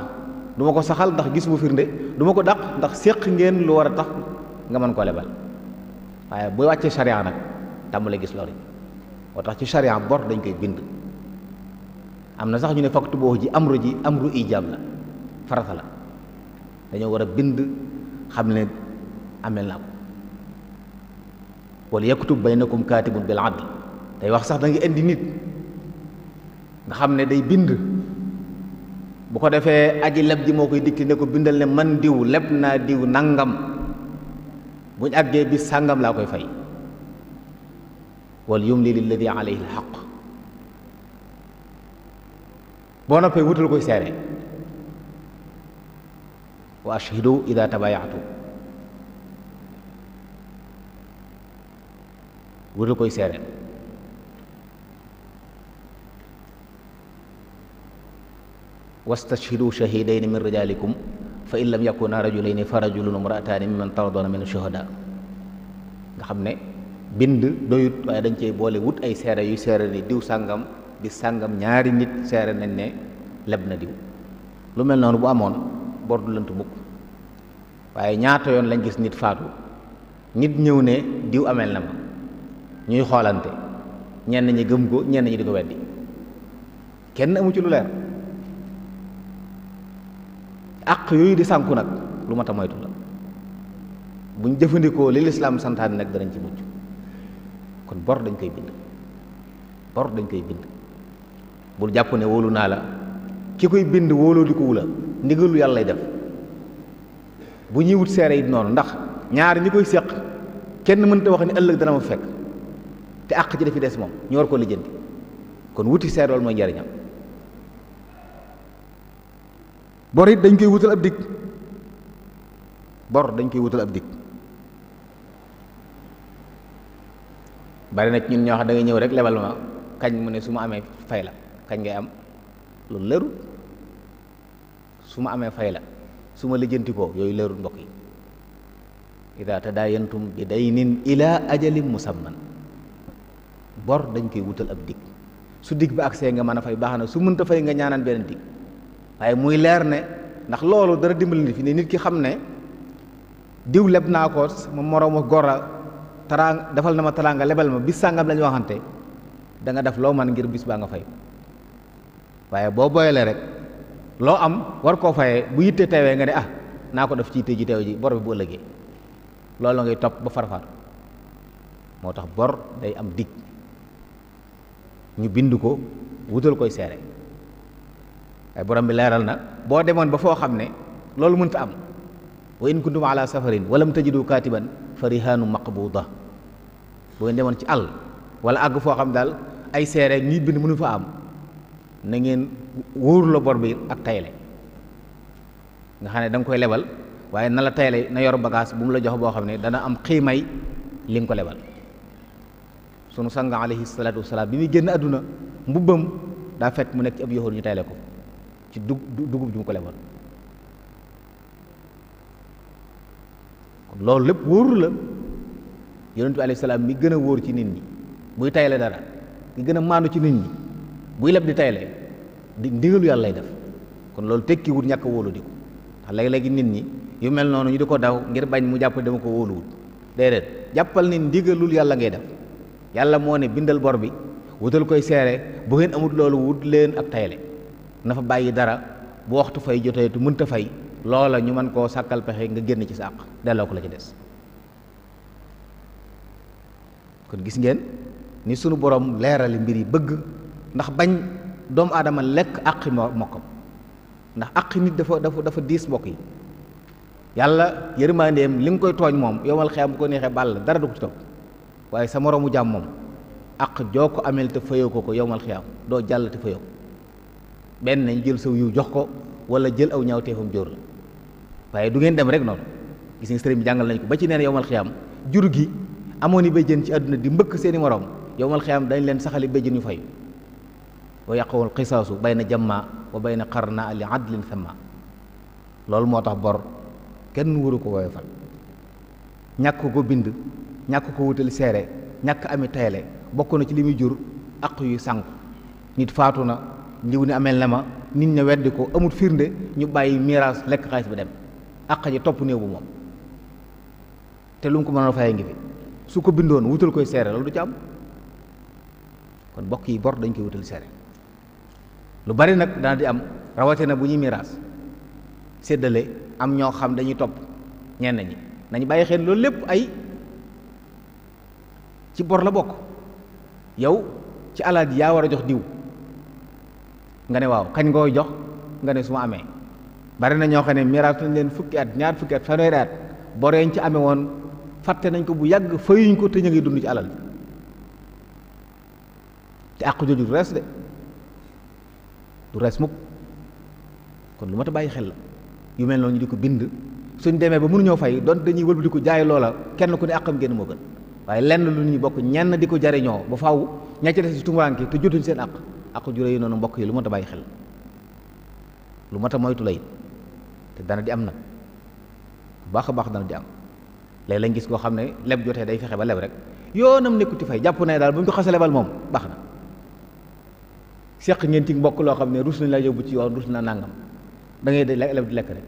B: du ko saxal ndax gis mu firnde duma ko dàq ndax séq ngeen lu war a tax nga mën koo lebal waaye bu wàccee charia nag tàmbale gis lor yi moo tax ci charia bor dañ koy bind am na sax ñu ne fakk tuboo ji amru ji amru ijaab la farata la dañoo war a bind xam ne amel naa ko wala yaktub baynakum kaatibun bi adl day wax sax da indi nit nga xam ne day bind bu ko defee aji leb ji moo koy dikki ne ko bindal ne man diw leb naa diw nangam buñ àggee bis sàngam laa koy fay wal yumli lilladi alayhi alxaq boo noppee wutal koy seere wa ashhidu ida tabayaatu wutal koy seere wastashhidu shahidayni min rijalikum fa in lam yakuna rajulayni fa rajulun imra'atani mimman tardawna min shuhada nga xam ne bind doyut waaye dañ cey boole wut ay seere yuy seere ni diw sàngam di sàngam ñaari nit seere nañ ne leb na diw lu mel noonu bu amoon bor du lënt mukk waaye ñaata yoon lañ gis nit faatu nit ñëw ne diw amel na ma ñuy xoolante ñenn ñi gëm ko ñenn ñi di ko weddi kenn amu ci lu leer àq yooyu di sànku nag lu mat a moytu la buñ jëfandikoo li lislaam santaane nag danañ ci mucc kon bor dañ koy bind bor dañ koy bind bul jàpp ne wóolu naa la ki koy bind wóoloo di ko wula ndigalu yàlla def bu ñuy wut seere it noonu ndax ñaar ñi koy seq kenn mënta wax ni ëllëg dana ma fekk te àq ci dafi des moom ñu war ko lijjanti kon wuti seer mooy njariñam bor it dañ koy wutal ab dig bor dañ koy wutal ab dig bari na ñun ñoo xam da ñëw rek lebal ma kañ mu ne su ma amee fay la kañ ngay am loolu leerul su ma amee fay la su ma lijjanti ko yooyu leerul mbokk yi ida tadaayantum bi daynin ila ajalin musamman bor dañ koy wutal ab dig su dig ba agsee nga mën a fay baax na su mënta fay nga ñaanaan beneen dig waaye muy leer ne ndax loolu dara dimbali ni fi ne nit ki xam ne diw leb naa ko ma moroomu gor a taraang defal na ma taraanga lebal ma bis sàngam la waxante da def loo man ngir bis baa nga fay waaye boo boyalee rek loo am war koo fayee bu yitte teewee nga ne ah naa ko def ci yitte ji teew ji bor bi bu ëllëgee loolu ngay topp ba farfar moo tax bor day am dig ñu bind ko wutal koy seere waaye borom bi leeral na boo demoon ba foo xam ne loolu mënta am wa in kuntum ala safarin walam tajidu katiban fa rihaanu maqbuda boo ngeen demoon ci àll wala àgg foo xam daal ay seere ñi mënu fa am na ngeen wóoru bi ak tayle xam ne da koy lebal waaye na la tayle na yor bagage bu mu la jox boo xam ne dana am xiimay li nga ko lebal sunu sang alayhi salaatu bi muy génn àdduna mbubbam daa fekk mu nekk ci ab yoxoor ñu tayle ko ci dug dugub ju mu ko leboon kon loolu lépp wóorul la yonent bi salaam mi gën a wóor ci nit ñi buy tayle dara ki gën a maandu ci nit ñi buy leb di tayle di ndigalu yàlla lay def kon loolu tekki wut ñàkk wóolu di ko ndax léegi-léegi nit ñi yu mel noonu ñu di ko daw ngir bañ mu jàpp dama ko wóoluwut déedéet jàppal ni ndigalul yàlla ngay def yàlla moo ne bindal bor bi wutal koy seere bu ngeen amut loolu wut leen ak tayle na fa bàyyi dara bu waxtu fay jotee tu mënta fay loola ñu mën koo sàkkal pexe nga génn ci sàq delloo ko la ci des kon gis ngeen ni sunu boroom leerali mbir yi bëgg ndax bañ doomu aadama lekk àqi mokkam ndax àqi nit dafa dafa dafa diis mbokk yi yàlla yërmandeem li nga koy tooñ moom yomal xeem bu ko neexee bàll dara du ko ci topp waaye sa moroomu jàmm moom àq joo ko amel te fayoo ko ko yomal xeem doo jàll te fayoo benn nañ jël saw yiw jox ko wala jël aw ñaaw teefam jóor la waaye du ngeen dem rek noonu gis nga sëriñ bi jàngal nañ ko ba ci neen yowmal xiyaam jur gi amoon i béjjën ci àdduna di mbëkk seeni morom yowmal xiyaam dañ leen saxali béjjën yu fay wa yaqawul xisaasu bayna jamma wa xar na li adlin samma loolu moo tax bor kenn waru ko woyofal ñàkk ko bind ñàkk ko wutal seere ñàkk ami tayle bokk na ci limuy muy jur aq yu sànq nit faatu na ndiw ni amel na ma nit ña weddi ko amul firnde ñu bàyyi miraas lekk xaalis ba dem àq ji topp néew bu moom te lu mu ko mën a fayee ngi fi su ko bindoon wutal koy seere loolu du ci am kon bokk yi bor dañ koy wutal seere lu bari nag dana di am rawatina bu ñuy miraas séddale am ñoo xam dañuy topp ñenn ñi nañu bàyyi xeen loolu lépp ay ci bor la bokk yow ci alal yaa war a jox diw nga ne waaw kañ ngoo jox nga ne su ma amee bari na ñoo xam ne miraas nañ leen fukki at ñaar fukki at fanweeri at bor ci amee woon fàtte nañ ko bu yàgg fayuñ ko te ñu ngi dund ci alal te àq jooju du rees du rees mukk kon lu ma ta xel la yu mel noonu ñu di ko bind suñ demee ba mënuñoo fay doon dañuy wëlbu ko jaay loola kenn ku ne àqam moo waaye lenn lu ñuy bokk ñenn di ko jariñoo ba faw ña ci des ci tumuraanke jotuñ seen àq aqu juré yi noonu mbokk yi lu mat a bàyyi xel lu mat a moytu la te dana di am nag bu baax a baax dana di am léeg lañ gis koo xam ne leb jotee day fexe ba leb rek yoonam nekkuti fay jàpp na daal bu ñu ko xasee lebal moom baax na seq ngeen mbokk loo xam ne rus nañ la yóbbu ci yoon rus na nangam da de leb di lekk rek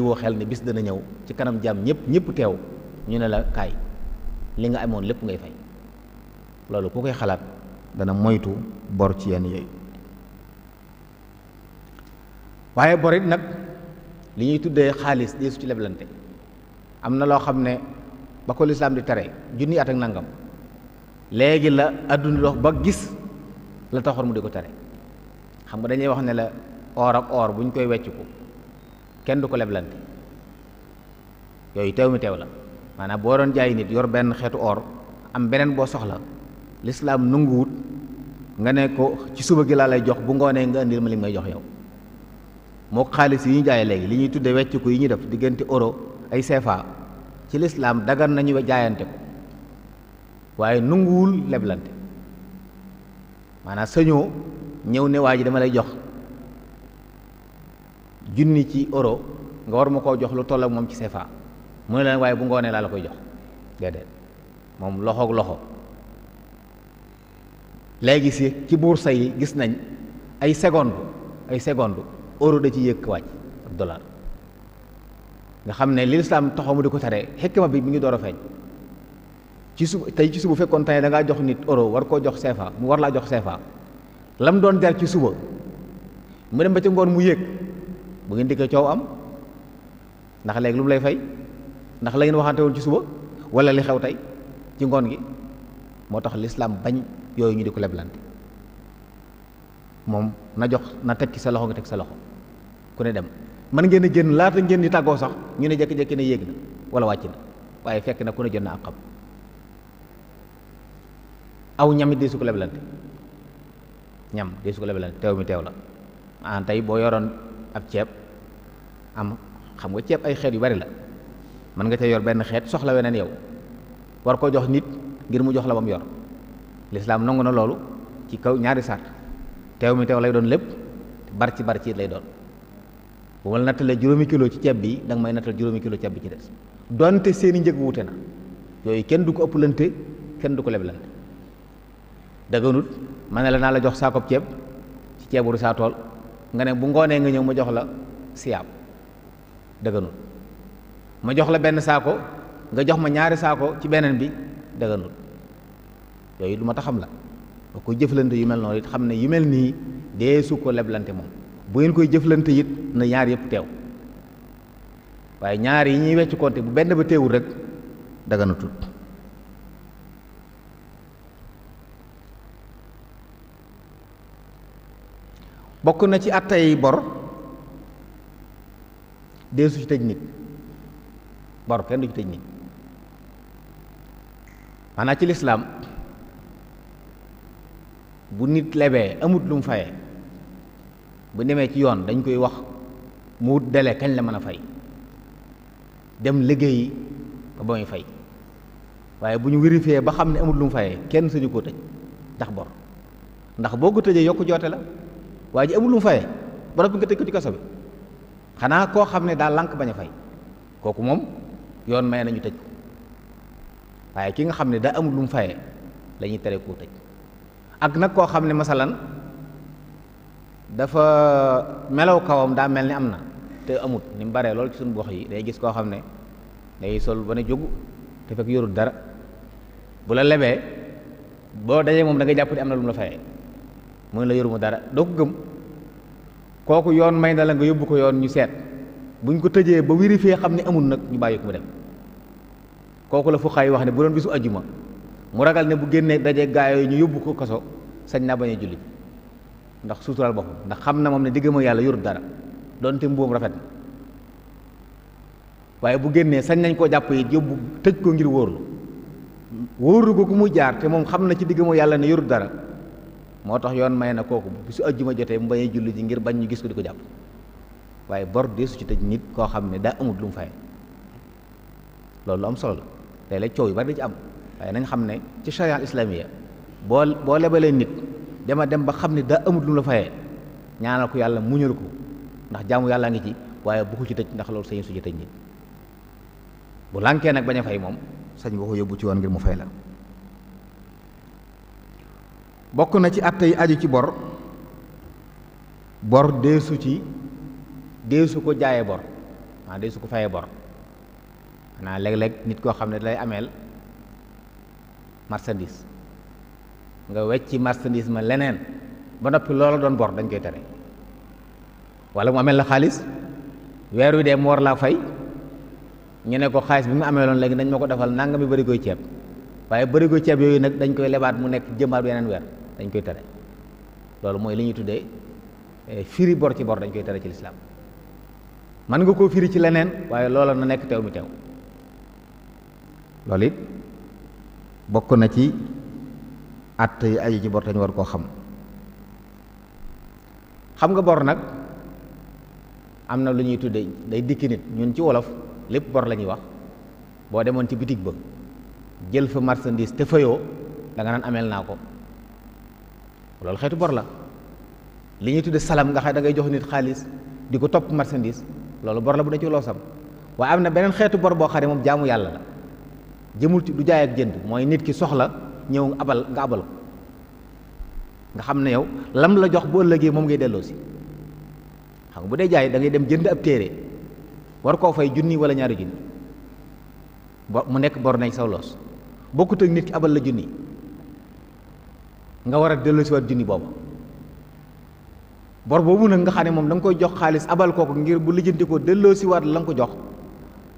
B: woo xel ne bis dana ñëw ci kanam jàmm ñëpp ñëpp teew ñu ne la kaay li nga amoon lépp ngay fay loolu ku koy xalaat dana moytu bor ci yenn yooyu waaye bor it nag li ñuy tuddee xaalis dee su ci leblante am na loo xam ne ba ko lislaam di tere junni at ak nangam léegi la àdduna dox ba gis la taxoon mu di ko tare xam nga dañuy wax ne la or ak or bu ñu koy wecc ko kenn du ko leblante yooyu teew mi teew la maanaam boo doon jaay nit yor benn xeetu or am beneen boo soxla lislaam nanguwut nga ne ko ci suba gi laa lay jox bu ngoonee nga indil ma li may jox yow moo xaalis yi ñu jaay léegi li ñuy tudde wecc ko yi ñuy def diggante oro ay CFA ci lislaam dagan nañu jaayante ko waaye nanguwul leblante maanaa sañoo ñëw ne waa ji dama lay jox junni ci euro nga war ma koo jox lu toll moom ci CFA mu ne leen waaye bu ngoonee laa la koy jox déedéet moom loxook loxo léegi si ci buur yi gis nañ ay seconde ay seconde euro da ci yëkk wàcc ab dollar nga xam ne li lislaam taxaw mu di ko tere xikma bi mu ngi door a feeñ ci suba tey ci suba fekkoon tey da ngaa jox nit euro war koo jox CFA mu war laa jox CFA lam doon jar ci suba mu dem ba ci ngoon mu yéeg bu ngeen dikkee coow am ndax léegi lu mu lay fay ndax la ngeen waxante woon ci suba wala li xew tey ci ngoon gi moo tax lislaam bañ yooyu ñu di ko leblante moom na jox na teg ci sa loxo nga teg sa loxo ku ne dem mën ngeen a génn laata ngeen di tàggoo sax ñu ne jékki-jékki ne yéeg na wala wàcc na waaye fekk na ku ne jot na ak xam aw ñamit dee su ko leblante ñam dee su ko leblante teew mi teew la an tey boo yoroon ab ceeb am xam nga ceeb ay xeet yu bari la mën nga cee yor benn xeet soxla weneen yow war koo jox nit ngir mu jox la ba mu yor lislaam nangu na loolu ci kaw ñaari sart teew mi teew lay doon lépp bar ci bar lay doon bu ma la nattalee juróomi kilo ci ceeb bi danga nga may nattal juróomi kilo ceeb bi ci des donte seeni njëg wuute na yooyu kenn du ko ëpplante kenn du ko leblante daganut ma ne la naa la jox saako ceeb ci ceeburu saa tool nga ne bu ngoonee nga ñëw ma jox la siyaab daganut ma jox la benn saako nga jox ma ñaari saako ci beneen bi daganut yooyu lu ma ta xam la ba koy jëflante yu mel noonu it xam ne yu mel nii dee su ko leblante moom bu ngeen koy jëflante it na ñaar yëpp teew waaye ñaar yi ñuy wecc konte bu benn ba teewul rek daga bokk na ci attay bor dee ci tëj nit bor kenn du ci tëj nit maanaam ci lislaam bu nit lebee amut lu mu fayee bu demee ci yoon dañ koy wax mu wut dele kañ la mën a fay dem liggéeyi ba ba muy fay waaye bu ñu vérifié ba xam ne amut lu mu fayee kenn suñu koo tëj ndax bor ndax boo ko tëjee yokk joote la waaye ji amul lu mu fayee ba noppi nga tëj ko ci kaso bi xanaa koo xam ne daal lank bañ a fay kooku moom yoon may nañu tëj ko waaye ki nga xam ne daa amul lu mu fayee la tere koo tëj ak nag koo xam ne masalan dafa melaw kawam daa mel ni am na te amut ni mu baree loolu ci suñ gox yi day gis koo xam ne day sol ba ne jóg te fekk yorut dara bu la lebee boo dajee moom da nga jàpp ne am na lu mu la fayee mu ne la yoruma dara doo ko gëm kooku yoon may na la nga yóbbu ko yoon ñu seet buñ ko tëjee ba wiri vérifier xam ne amul nag ñu bàyyi ko mu dem kooku la fu xay wax ne bu doon bisu ajuma mu ragal ne bu génnee daje gaa yooyu ñu yóbbu ko kaso sañ naa bañ jullit julli ndax suuturaal boppam ndax xam na moom ne digg ma yàlla yorut dara donte mbuum rafet na waaye bu génnee sañ nañ koo jàpp yi yóbbu tëj ko ngir wóorlu wóorlu ko ku muy jaar te moom xam na ci digg ma yàlla ne yorut dara moo tax yoon may na kooku bi su ajjuma jotee mu bañ a julli ngir bañ ñu gis ko di ko jàpp waaye bor deesu ci tëj nit koo xam ne daa amut lu mu fay loolu am solo la léeg-léeg coow da ci am. waaye nañ xam ne ci charia islamiya boo boo lebalee nit dama dem ba xam ni daa amut la fayee ñaanal ko yàlla muñal ko ndax jaamu yàllaa ngi ci waaye bu ci tëj ndax loolu sañu su ci tëj nit bu lànkee nag bañ a fay moom sañ nga ko yóbbu ci woon ngir mu fay la bokk na ci àtte yi aju ci bor bor deesu ci deesu ko jaayee bor maanaam deesu ko fayee bor maanaam léeg-léeg nit koo xam ne dalay ameel marchandise nga wecci marsandiis ma leneen ba noppi loola doon bor dañ koy tere wala mu amee la xaalis weer wi dee mu war laa fay ñu ne ko xaalis bi mu amee loon léegi dañ ma ko defal nangami bëri koy ceeb waaye bëri koy ceeb yooyu nag dañ koy lebaat mu nekk jëmbaat yeneen weer dañ koy tare loolu mooy li ñuy tuddee eh, firi bor ci bor dañ koy tere ci lislaam mën nga koo firi ci leneen waaye loola na nekk teew mi teew loolu it bokk na ci att yi aju ci bor tañ war koo xam xam nga bor nag am na lu ñuy tudde day dikki nit ñun ci wolof lépp bor la ñuy wax boo demoon ci bitig ba jël fa marsandiis te fayoo da nga naan ameel naa ko loolu xeetu bor la li ñuy tudde salam nga xam da ngay jox nit xaalis di ko topp marsandiis loolu bor la bu ne ci loo sam waaye am na beneen xeetu bor boo xam ne moom jaamu yàlla la jëmul ci du jaay ak jënd mooy nit ki soxla ñëw nga abal nga abal ko nga xam ne yow lam la jox bu ëllëgee moom ngay delloo si xam nga bu dee jaay dangay dem jënd ab téere war koo fay junni wala ñaari junni bo mu nekk bor nañ saw loos bokkut ak nit ki abal la junni nga war a delloo si waat junni boobu bor boobu nag nga xam ne moom da nga koy jox xaalis abal kooku ngir bu lijjanti ko delloo si waat la ko jox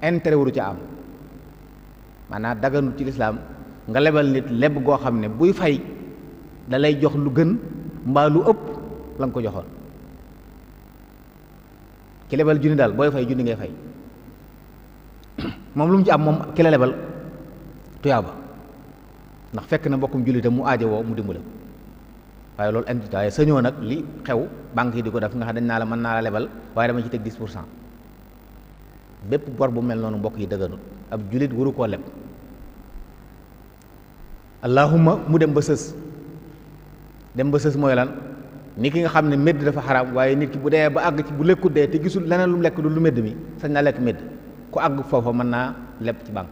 B: intérêt waru ca am maanaam daganut ci lislaam nga lebal nit leb goo xam ne buy fay da lay jox lu gën mbaa lu ëpp la nga ko joxoon ki lebal junni daal booy fay junni ngay fay moom lu mu ci am moom ki la lebal tuyaaba ndax fekk na mbokkum jullite mu aajo woo mu dimbale waaye loolu entité waaye sañoo nag li xew banque yi di ko def nga xam dañ naa la mën naa la lebal waaye dama ci teg 10 pour cent bépp bor bu mel noonu mbokk yi dëgganut ab jullit waru koo leb allahumma mu dem ba sës dem ba sës mooy lan ni ki nga xam ne médd dafa xaraam waaye nit ki bu dee ba àgg ci bu lekkut dee te gisul leneen lu mu lekk du lu medd mi sañ naa lekk médd ku àgg foofa mën naa leb ci bànk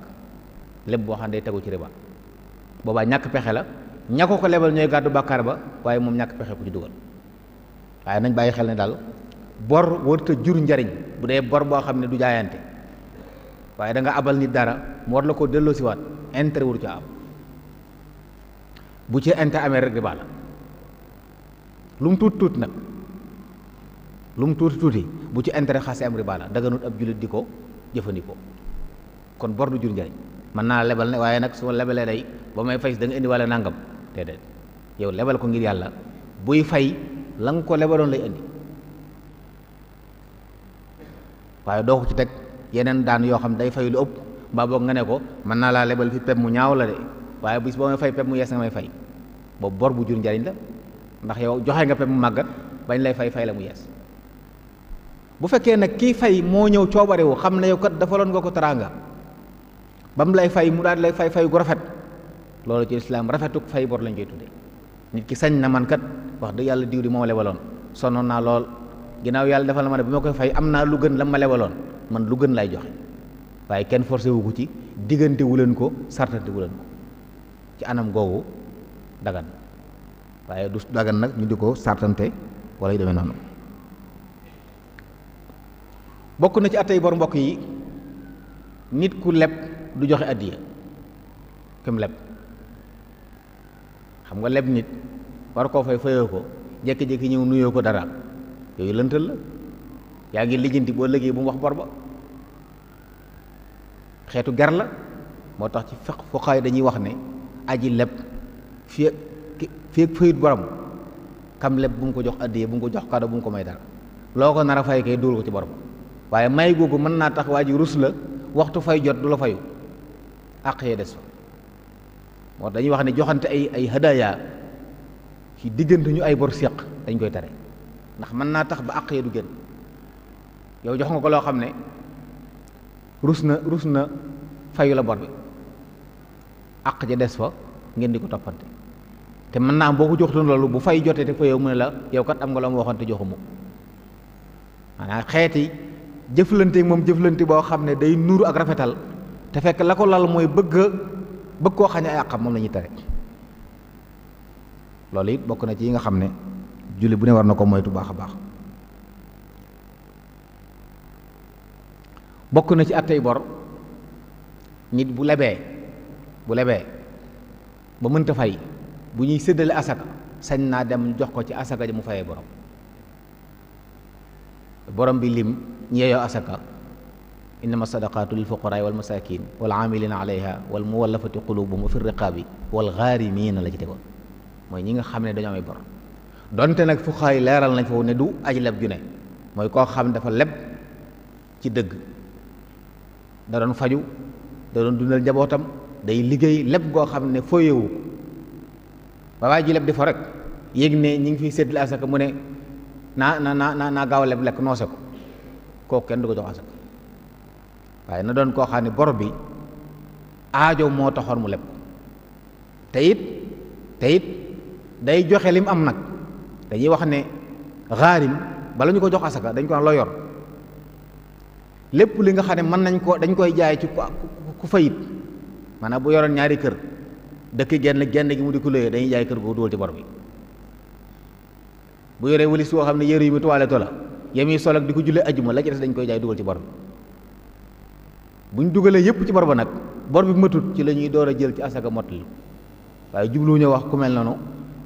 B: leb boo xam ne day tegu ci riba boobaa ñàkk pexe la ñàkk ko lebal ñooy gàddu bàkkaar ba waaye moom ñàkk pexe ku ci dugal waaye nañ bàyyi xel ne daal bor warta jur njariñ bu dee bor boo xam ne du jaayante waaye da nga abal nit dara mu war la ko delloo siwaat intérêt wur ci am bu ci inte amee rek riba la lu mu tuuti tuuti nag lu tuuti bu ci intérêt xasee am riba la daganut ab jullit di ko jëfandikoo kon bor du jur njëriñ mën naa lebal ne waaye nag su ma lebalee day ba may fay da nga indi wala nangam yow lebal ko ngir yàlla buy fay la ko lebaloon lay indi waaye doo ko ci teg yeneen daan yoo xam day fay lu ëpp mbaa boog nga ne ko mën naa laa lebal fi pep mu ñaaw la de waaye bis boo may fay pep mu yees nga may fay boobu bor bu jur njariñ la ndax yow joxe nga pe mu màggat bañ lay fay fay la mu yees bu fekkee nag kii fay moo ñëw coobarewu xam ne yow kat defaloon nga ko teraanga ba mu lay fay mu daal lay fay fay gu rafet loolu ci islaam rafetuk fay boor lañ koy tudde nit ki sañ na man kat wax dëgg yàlla diw di moo ma lebaloon sonnoon naa lool ginnaaw yàlla defal ma ne bu ma koy fay am naa lu gën la ma lebaloon man lu gën lay joxe waaye kenn forcé wu ko ci diggante leen ko sartante wu anam googu dagan waaye du dagan nag ñu di ko sartante wala yu demee noonu bokk na ci attey bor mbokk yi nit ku leb du joxe addiya kim leb xam nga leb nit war koo fay fayoo ko jékki-jékki ñëw nuyoo ko dara yooyu lëntal la yaa ngi lijjanti boo liggéey bu mu wax bor ba xeetu ger la moo tax ci fiqh fuqaay dañuy wax ne aji leb fii ak fii ak fayit borom kam leb bu mu ko jox addiyee bu mu ko jox kado bu mu ko may dara loo ko nar a fay kay dóor ko ci borom waaye may googu mën naa tax waa ji rus la waxtu fay jot du la fayu àq yee des fa moo dañuy wax ne joxante ay ay hadaya ci diggante ñu ay bor séq dañ koy tare ndax mën naa tax ba àq yee du gën yow jox nga ko loo xam ne rus na rus na fayu la bor bi àq ja des fa ngeen di ko toppante te mën naa boo ko joxtoon loolu bu fay jotee te fa yow mu ne la yow kat am nga la ma waxoon te joxuma maanaam xeeti jëflante moom jëflante boo xam ne day nuuru ak rafetal te fekk la ko lal mooy bëgg bëgg koo xañ a yàqam moom la ñuy tere loolu it bokk na ci yi nga xam ne julli bu ne war na ko moytu baax a baax bokk na ci attey bor nit bu lebee bu lebee ba mënta fay bu ñuy séddale asaka sañ naa dem jox ko ci asaka ji mu fayee borom borom bi lim ñeeyoo asaka innama sadaqaatu lil fuqaraai wal masaakin wal amilina alayha wal muwallafati qulubuhum wa fi riqaabi wal ghaarimiina la ci tegoon mooy ñi nga xam ne dañoo amee bor donte nag fuqahaa yi leeral nañ foofu ne du aj leb ju ne mooy koo xam dafa leb ci dëgg da doon faju da doon dundal njabootam day liggéey leb goo xam ne foo fooyewu ba waaye ji leb di fo rek yéeg ne ñi ngi fiy séddale asaka mu ne naa na na naa gaaw a leb lekk noose ko kooku kenn du ko jox asaka waaye na doon koo xam ne bor bi aajo moo taxoon mu leb te it te it day joxe lim am nag dañuy wax ne xaarim bala ñu ko jox asaka dañ ko loo yor lépp li nga xam ne mën nañ ko dañ koy jaay ci ku fayit maanaam bu yoroon ñaari kër dëkk genn genn gi mu di ko looyee dañuy jaay kër googu dugal ci bor bi bu yoree walis boo xam ne yére yu mu toilette la yemi sol ak di ko jullee ajuma la ci des dañ koy jaay dugal ci bor bi bu ñu dugalee yëpp ci bor ba nag bor bi matut ci la ñuy door a jël ci asaka mottali waaye jubluwuñu wax ku mel na nu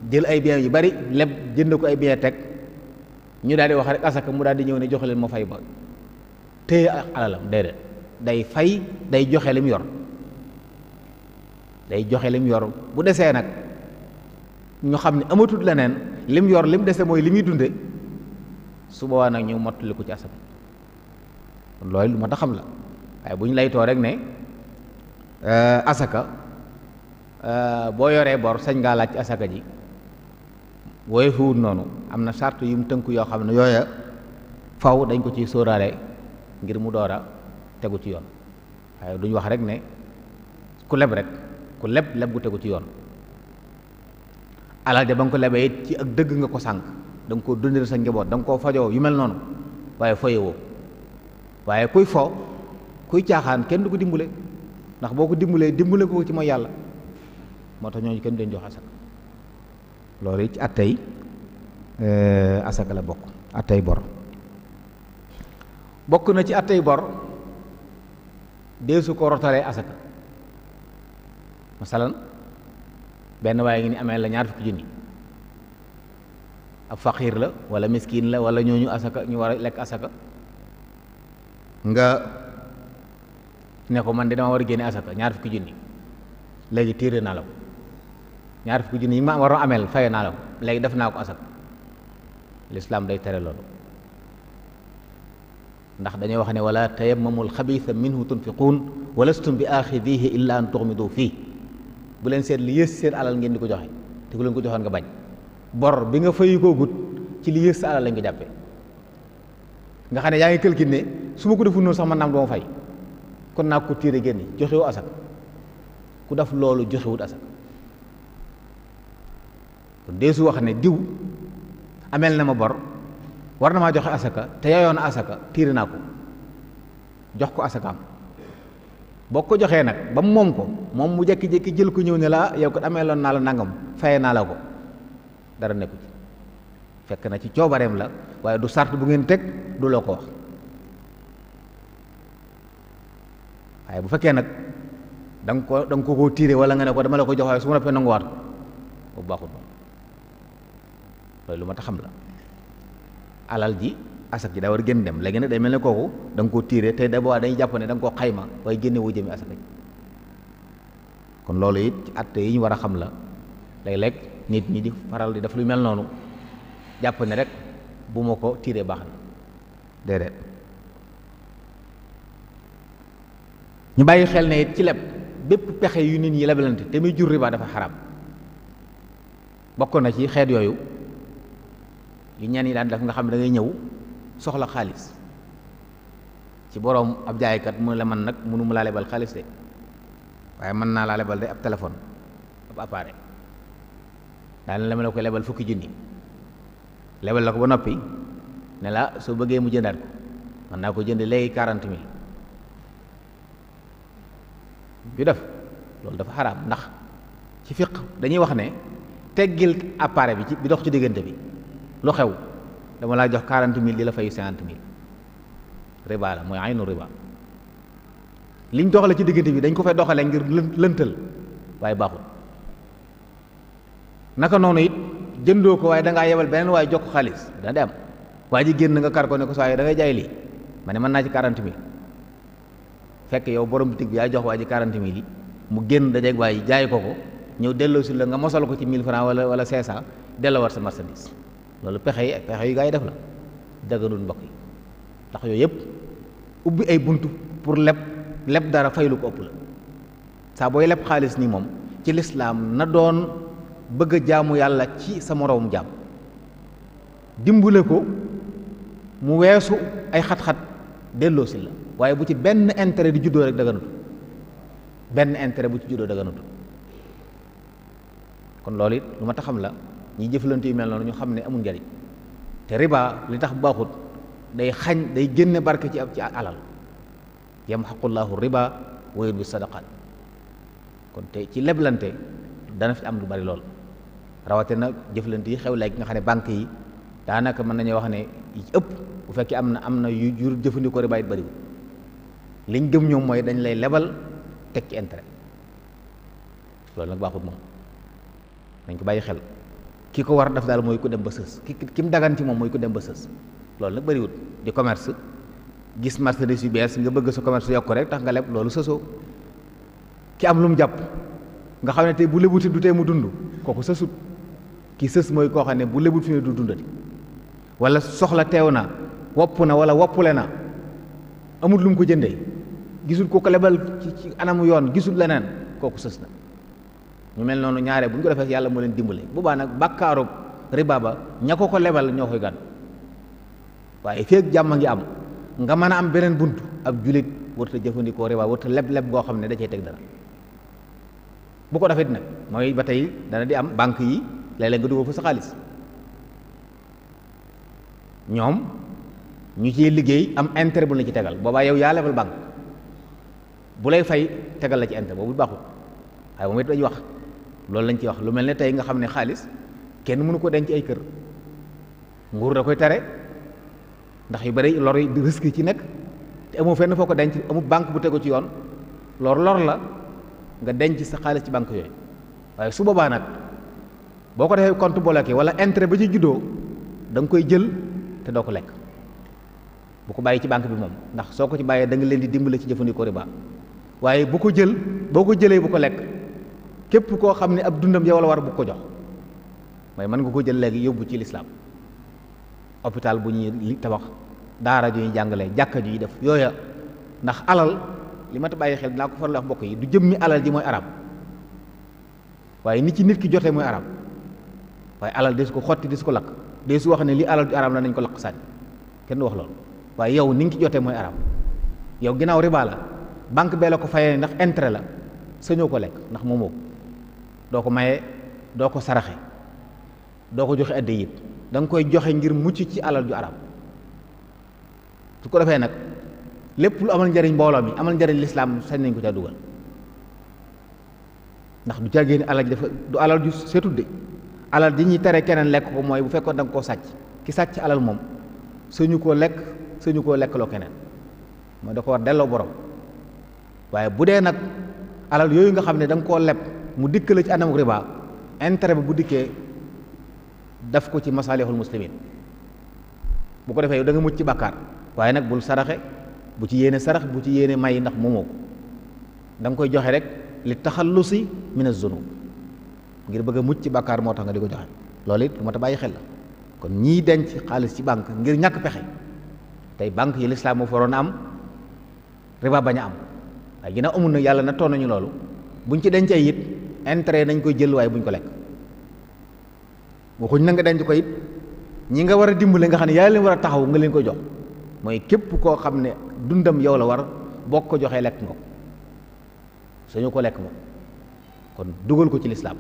B: jël ay biens yu bari leb jënd ko ay biens teg ñu daal di wax rek asaka mu daal di ñëw ne joxe leen ma fay ba téye ak alalam déedéet day fay day joxe lim day joxe lim yor bu desee nag ñu xam ne amatul leneen lim yor lim dese mooy li muy dunde su boobaa nag ñu mottali ko ci asam loolu lu ma ta xam la waaye bu ñu lay too rek ne euh, asaka euh, boo yoree bor sañ ngaa laaj ci ji wooye fiwut noonu am na sart yu mu tënku yoo xam ne yooya faw dañ ko ci sóoraale ngir mu door a tegu ci yoon waaye duñ wax rek ne ku leb rek ku leb leb gu tegu ci yoon alal ja ba nga ko lebee it ci ak dëgg nga ko sànq da koo dundal sa njaboot da nga koo fajoo yu mel noonu waaye foye woo waaye kuy fo kuy caaxaan kenn du ko dimbule ndax boo ko dimbulee dimbule ko ci mooy yàlla moo tax ñooñu kenn du leen jox asaka loolu it ci attey euh, asaka la bokk attey bor bokk na ci attey bor dee su ko rotalee asaka masalan benn waaye ngi ni amee la ñaar fukki junni ab faqiir la wala miskin la wala ñooñu asaka ñu war a lekk asaka nga ne ko man de dama war a génne asaka ñaar fukki junni léegi tiire naa la ko ñaar fukki junni yi ma waroon ameel faye naa la ko léegi def naa ko asaka lislaam day tere loolu ndax dañuy wax ne wala tayammamul xabiisa minhu tunfiquun walastum bi aaxidihi illa an tuxmidu fii bu leen seet li yées seen alal ngeen di ko joxe te ku leen ko joxoon nga bañ bor bi nga fayu koo gut ci li yées sa alal lañ ko jàppee nga xam ne yaa ngi calcule ne su ma ko deful noonu sax man naam doo fay kon naa ko tiire génn joxewu asak ku def loolu joxewut asak kon dee su wax ne diw amel na ma bor war na maa joxe asaka te yaayoon asaka tiire naa ko jox ko asakaam boo ko joxee nag ba mu moom ko moom mu jékki-jékki jël ko ñëw ne la yow ko amee loon naa la nangam faye naa la ko dara nekku ci fekk na ci coobareem la waaye du sart bu ngeen teg du loo ko wax waaye bu fekkee nag da ko da nga ko koo tiire wala nga ne ko dama la ko jox waaye su ma noppee nanguwaat ko bu baaxul loolu lu ma ta xam la alal ji asak ji daa war a génn dem léegi nag day mel ne kooku da nga koo tiire te da boobaa dañuy jàpp ne da nga koo xayma waaye génne woo jëmi asaka ji kon loolu it atte yi ñu war a xam la léeg-léeg nit ñi di faral di def lu mel noonu jàpp rek bu ma ko tiire baax na déedéet ñu bàyyi xel ne it ci leb bépp pexe yu nit ñi lebalante te muy jur riba dafay xaram bokkoon na ci xeet yooyu yu ñenn yi daan def nga xam ne dangay ñëw soxla xaalis ci boroom ab jaaykat mu ne la man nag mënu mu laa lebal xaalis de waaye mën naa laa lebal de ab téléphone ab appareil daal la ma koy lebal fukki junni lebal la ko ba noppi ne la soo bëggee mu jëndaat ko mën naa ko jënd léegi quarante mille yu def loolu dafa xaraam ndax ci fiq dañuy wax ne teggil appareil bi ci bi dox ci diggante bi lu xew dama laa jox quarante mille di la fayu cinquante mille riba la mooy aynu riba liñ doxale ci diggante bi dañ ko fay doxalee ngir lëntal waaye baaxul naka noonu yit jëndoo ko waaye da ngaa yebal beneen waaye jokk xaalis da dem am waa ji génn nga kar ko ne ko saa yi da ngay jaay lii ma ne mën naa ci quarante mille fekk yow borom bitig bi yaa jox waa ji quarante yi mu génn dajeeg waaye jaay ko ko ñëw delloo si la nga mosal ko ci mille francs wala wala cinq cent delloowaat sa marchandise loolu pexe yi pexe yi gaa yi def la daganul mbokk yi ndax yooyu yëpp ubbi ay buntu pour leb leb dara fay lu ko ëpp la saa booy leb xaalis nii moom ci lislaam na doon bëgg a jaamu yàlla ci sa moroomu jaam dimbule ko mu weesu ay xat-xat delloosi la waaye bu ci benn intérêt di juddoo rek daganut benn intérêt bu ci juddoo daganut kon loolu lu ma taxam la ñi jëflante yu mel noonu ñu xam ne amul njariñ te riba li tax baaxut day xañ day génne barke ci ab ci alal yamxaqullahu riba wa yurbi sadaqaat kon te ci leblante dana fi am lu bari lool rawate na jëflante yi xew léegi nga xam ne banque yi daanaka mën nañoo wax ne yi ci ëpp bu fekkee am na am na yu jur jëfandikoo riba it liñ gëm ñoom mooy dañ lay lebal teg ci intérêt loolu nag baaxut moom dañ ko bàyyi xel ki ko war def daal mooy ku dem ba sës ki ki mu dagan ci moom mooy ku dem ba sës loolu nag bëriwut di commerce gis marchandise yu bees nga bëgg sa commerce yokk rek tax nga leb loolu sësoo ki am lu mu jàpp nga xam ne tey bu lebuti du tey mu dund kooku sësut ki sës mooy koo xam ne bu lebut fi ne du dundati walla soxla teew na wopp na wala woppule na amul lu mu ko jëndee gisul ku ko lebal ci ci yoon gisul leneen kooku sës na ñu mel noonu ñaare bu ñu ko defee yàlla moo leen dimbale boobaa nag bàkkaarub riba ba ña ko ko lebal ñoo koy gàddu waaye feeg jàmm ngi am nga mën a am beneen bunt ab julit warta jëfandikoo riba warta leb-leb goo xam ne da cay teg dara bu ko defee nag mooy ba tey dana di am banque yi léeg-léeg nga dugal fa sa xaalis ñoom ñu ciy liggéey am intérêt bu la ci tegal boobaa yow yaa lebal bànk bu lay fay tegal la ci intérêt boobu baaxul waaye moom it dañuy wax loolu lañ ci wax lu mel ni tey nga xam ne xaalis kenn mënu ko denc ay kër nguur da koy tare ndax yu bari lor yi risque ci nekk te amoo fenn foo ko denc amu banque bu tegu ci yoon lor lor la nga denc sa xaalis ci banque yooyu waaye su boobaa nag boo ko defee compte bloqué wala intérêt ba ci juddoo danga koy jël te doo ko lekk bu ko bàyyi ci banque bi moom ndax soo ko ci bàyyee da nga leen di dimbale ci jëfandikoo riba waaye bu ko jël boo ko jëlee bu ko lekk képp koo xam ne ab dundam yow la war bu ko jox mooy mën nga ko jël léegi yóbbu ci lislaam hôpital bu ñuy tabax daara ju ñuy jàngale jàkka ju def yooya ndax alal li ma bàyyi xel dinaa ko faral wax mbokk yi du jëmmi alal ji mooy arab waaye ni ci nit ki jotee mooy arab waaye alal des ko xotti des ko lakk des su wax ne li alal ju arab la nañ ko lakk sànni kenn wax loolu waaye yow ni nga ci jotee mooy arab yow ginnaaw riba la banque bee ko fayee ndax intérêt la sañoo ko lekk ndax moomoo ko doo ko maye doo ko saraxe doo ko joxe addi it da koy joxe ngir mucc ci alal ju arab su ko defee nag lépp lu amal njariñ mbooloo mi amal njariñ lislaam sañ nañ ko caa dugal ndax du caa génn alal dafa du alal ju seetut de alal ji ñuy tere keneen lekk ko mooy bu fekkoon da nga koo sàcc ki sàcc alal moom suñu koo lekk suñu koo lekkaloo keneen mooy da ko war delloo borom waaye bu dee nag alal yooyu nga xam ne danga koo leb mu dikk la ci anamuk riba intérêt bi bu dikkee daf ko ci masalihul muslimin bu ko defee yow da nga mucc ci bàkkaar waaye nag bul saraxe bu ci yéene sarax bu ci yéene may ndax moomoo ko da nga koy joxe rek li taxallusi min az-zunub ngir bëgg a ci bàkkaar moo tax nga di ko joxe loolu it lu ma ta bàyyi xel la kon ñii denc xaalis ci banque ngir ñàkk pexe tey banque yi lislaam moo faroon a am riba bañ a am waaye ginnaaw amul nag yàlla na toon nañu loolu buñ ci intérêt dañ koy jël waaye buñ ko lekk na nga denc ko it ñi nga war a dimbale nga xam ne yaa war a taxaw nga leen ko jox mooy képp koo xam ne dundam yow la war bokk ko joxee lekk nga ko suñu ko lekk moom kon dugal ko ci lislaam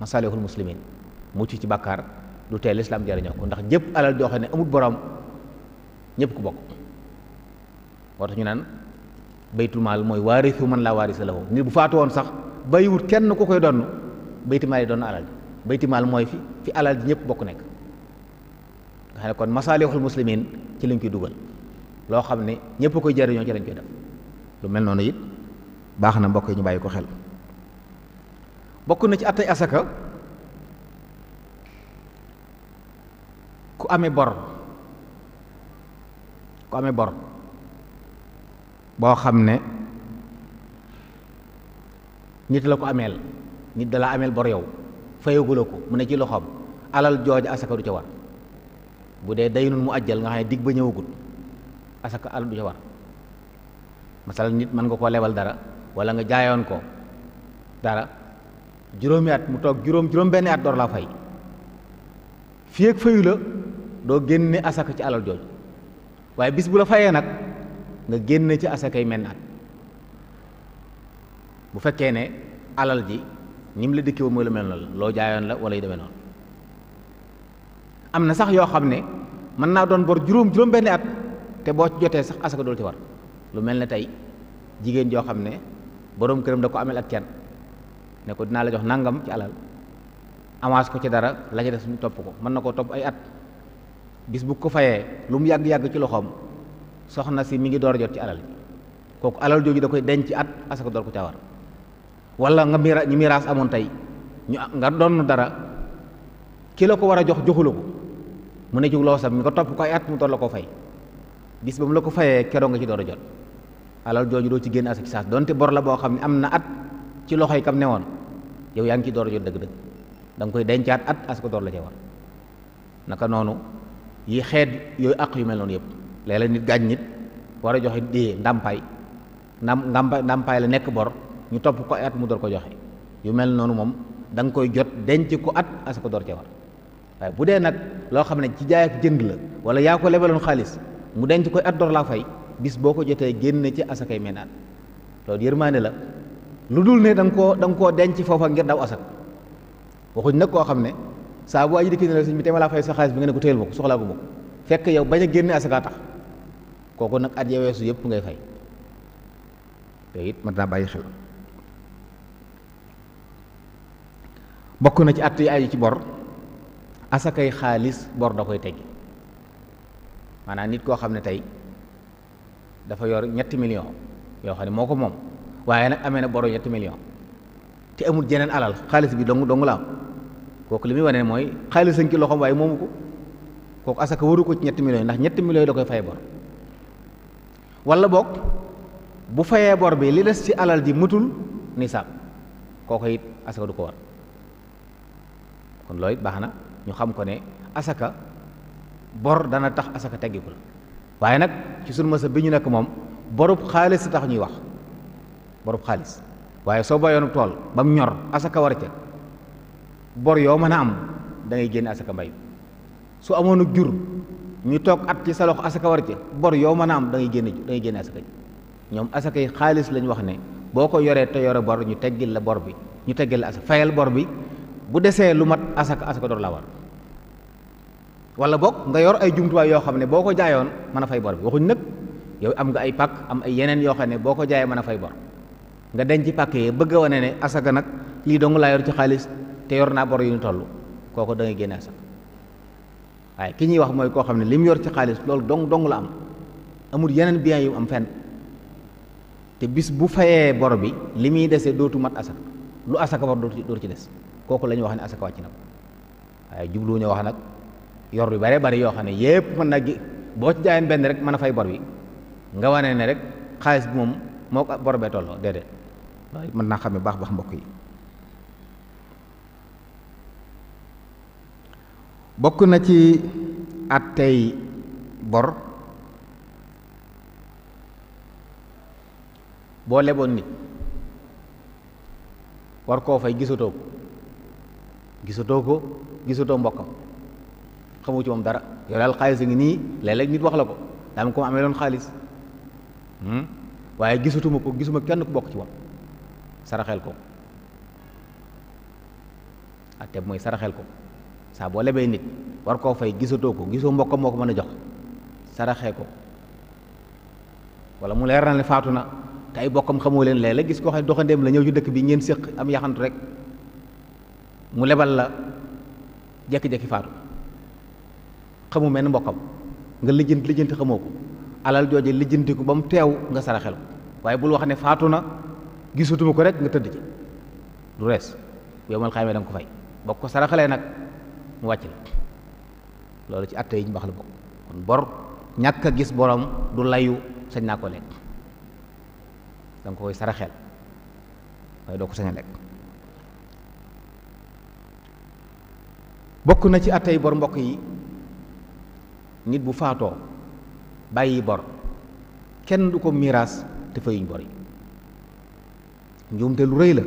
B: masalihul muslimin mucc ci bàkkaar du tee lislaam jariñoo ko ndax jëpp alal joxe ne amut borom ñëpp ku bokk moo tax ñu naan baytul maal mooy waarisu man laa waarisa woo nit bu faatu woon sax bàyyiwut kenn ku koy donn baytimaal yi doon alal baytimaal mooy fi fi alal ji ñëpp bokk nekk nga xam ne kon masaalixul muslimin ci lañ koy dugal loo xam ne ñëpp koy jariñoo ci lañ koy def lu mel noonu it baax na bokk yi ñu bàyyi ko xel bokk na ci attay asaka ku ame bor ku amee bor boo xam ne nit la ko ameel nit dalaa ameel bor yow fayagula ko mu ne ci loxoom alal jooja asaka du ca war bu dee day nun mu ajjal nga xam ne digg ba ñëwagut asaka alal du ca war masala nit mën nga koo lebal dara wala nga jaayoon ko dara juróomi at mu toog juróom juróom benn at door laa fay fii ak la doo génne asaka ci alal jooju waaye bis bu la fayee nag nga génne ci asakay menn at bu fekkee ne alal ji ni mu la dëkkee woon mooy lu mel noonu loo jaayoon la wala yu demee noonu am na sax yoo xam ne mën naa doon bor juróom juróom benn at te boo jotee sax asaka dool ci war lu mel ne tey jigéen joo xam ne boroom këram da ko amel ak can ne ko dinaa la jox nangam ci alal avance ko ci dara la ca des mu topp ko mën na koo topp ay at bis bu ko fayee lu mu yàgg-yàgg ci loxoom soxna si mu ngi door a jot ci alal kooku alal jooju da koy denc at asaka dool ko ca war wala nga mira ñi miraas amoon tey ñu nga doon dara ki la ko war a jox joxula ko mu ne ci loosam mi nga topp ko ay at mu doon la ko fay bis ba mu la ko fayee keroog nga ci door a jot alal jooju doo ci génn asa ci saas donte bor la boo xam ne am na at ci loxoy kam ne woon yow yaa ngi ciy door a jot dëgg-dëgg danga nga koy dencaat at as ko door la ca war naka noonu yi xeet yooyu àq yu mel noonu yëpp léeg-léeg nit gaañ nit war a joxe dee ndàmpaay ndam ndàmpaay la nekk bor ñu topp ko ay at mu door ko joxe yu mel noonu moom danga koy jot denc ko at asaka door ca war waaye bu dee nag loo xam ne ci jaay ak jënd la wala yaa ko lebaloon xaalis mu denc koy at door laa fay bis boo ko jotee génne ci asakay menaan loolu yërmaane la lu dul ne da ko danga da koo denc foofa ngir daw asaka waxuñ nag koo xam ne saa bu aji dikki ne la sëñ bi te ma laa fay sa xaalis bi nga ne ko téyel ma ko soxlaa gu ko fekk yow bañ a génne asaka kooku nag at weesu yëpp ngay fay yooyu it mën bàyyi xel bokk na ci àtt yi aju ci bor asakay xaalis bor da koy teggi maanaam nit koo xam ne tey dafa yor ñetti million yoo xam ne moo ko moom waaye nag amee na bor ñetti million te amul jeneen alal xaalis bi dong dong la am kooku li muy wane mooy xaalis añ ci loxoom moomu ko kooku asaka waru ko ci ñetti yi ndax ñetti millions da koy fay bor wala boog bu fayee bor bi li des ci alal ji mëtul nisaab kooku it asaka du ko war kon loolu baax na ñu xam ko ne asaka bor dana tax asaka teggiku la waaye nag ci sunu masa bi ñu nekk moom borub xaalis tax ñuy wax borub xaalis waaye soo bayoonub tool ba mu ñor asaka war a ca bor yoo mën a am da ngay génne asaka mbay su amoon jur ñu toog at ci saloo loxo asaka war ca bor yoo mën a am da ngay génne da ngay génne asaka ji ñoom asaka yi xaalis lañ wax ne boo ko yoree te yore bor ñu teggil la bor bi ñu teggil la asaka fayal bor bi bu desee lu mat asaka asaka door laa war wala boog nga yor ay jumtuwaay yoo xam ne boo ko jaayoon mën a fay bor bi waxuñ nag yow am nga ay pakk am ay yeneen yoo xam ne boo ko jaayee mën a fay bor nga denc pàkk yee bëgg a wane ne asaka nag lii dong laa yor ci xaalis te yor naa bor yu ñu toll kooku da ngay génne asaka waaye ki ñuy wax mooy koo xam ne li mu yor ci xaalis loolu dong dong la am amul yeneen biens yu am fenn te bis bu fayee bor bi li muy desee dootu mat asaka lu asaka war dootu ci des kooku la ñu wax ne asaka wàcc na ko waaye jubluwuñu wax nag yor yu bare bari yoo xam ne yépp mën na gi boo ci jaayoon benn rek mën a fay bor bi nga wane ne rek xaalis bi moom moo ko bor bee tolloo déedéet waaye mën naa xam ne baax baax mbokk yi bokk na ci at tey bor boo leboon nit war koo fay gisatoo gisatoo ko gisatoo mbokkam xamoo ci moom dara yow daal xaalis a ngi nii léeg-léeg nit wax la ko daam ko amee loon xaalis hmm? waaye gisatuma ko gisuma kenn ku bokk ci moom saraxel ko ate mooy saraxel ko saa boo lebee nit war koo fay gisatoo ko gisoo mbokkam moo ko mën a jox saraxee ko wala mu leer na ne faatu na te ay bokkam xamoo leen léeg gis koo xam ne doxandeem la ñëw ci dëkk bi ngeen séq am yaxantu rek mu lebal la jekki-jekki faatu xamu mel ni mbokkam nga lijjanti lijjanti xamoo ko alal jooje lijjanti ko ba mu teew nga saraxel ko waaye bul wax ne faatu na gisatuma ko rek nga tëdd ci du rees yow mal xaymee da ko fay boo ko saraxalee nag mu wàcc la loolu ci atte yi ñu baax la bokk kon bor ñàkk a gis borom du layu sañ naa ko lekk da ko koy saraxel waaye doo ko sañ a lekk bokk na ci attey bor mbokk yi nit bu faatoo bàyyi bor kenn du ko miraas te fayuñ bor yi njuumte lu rëy la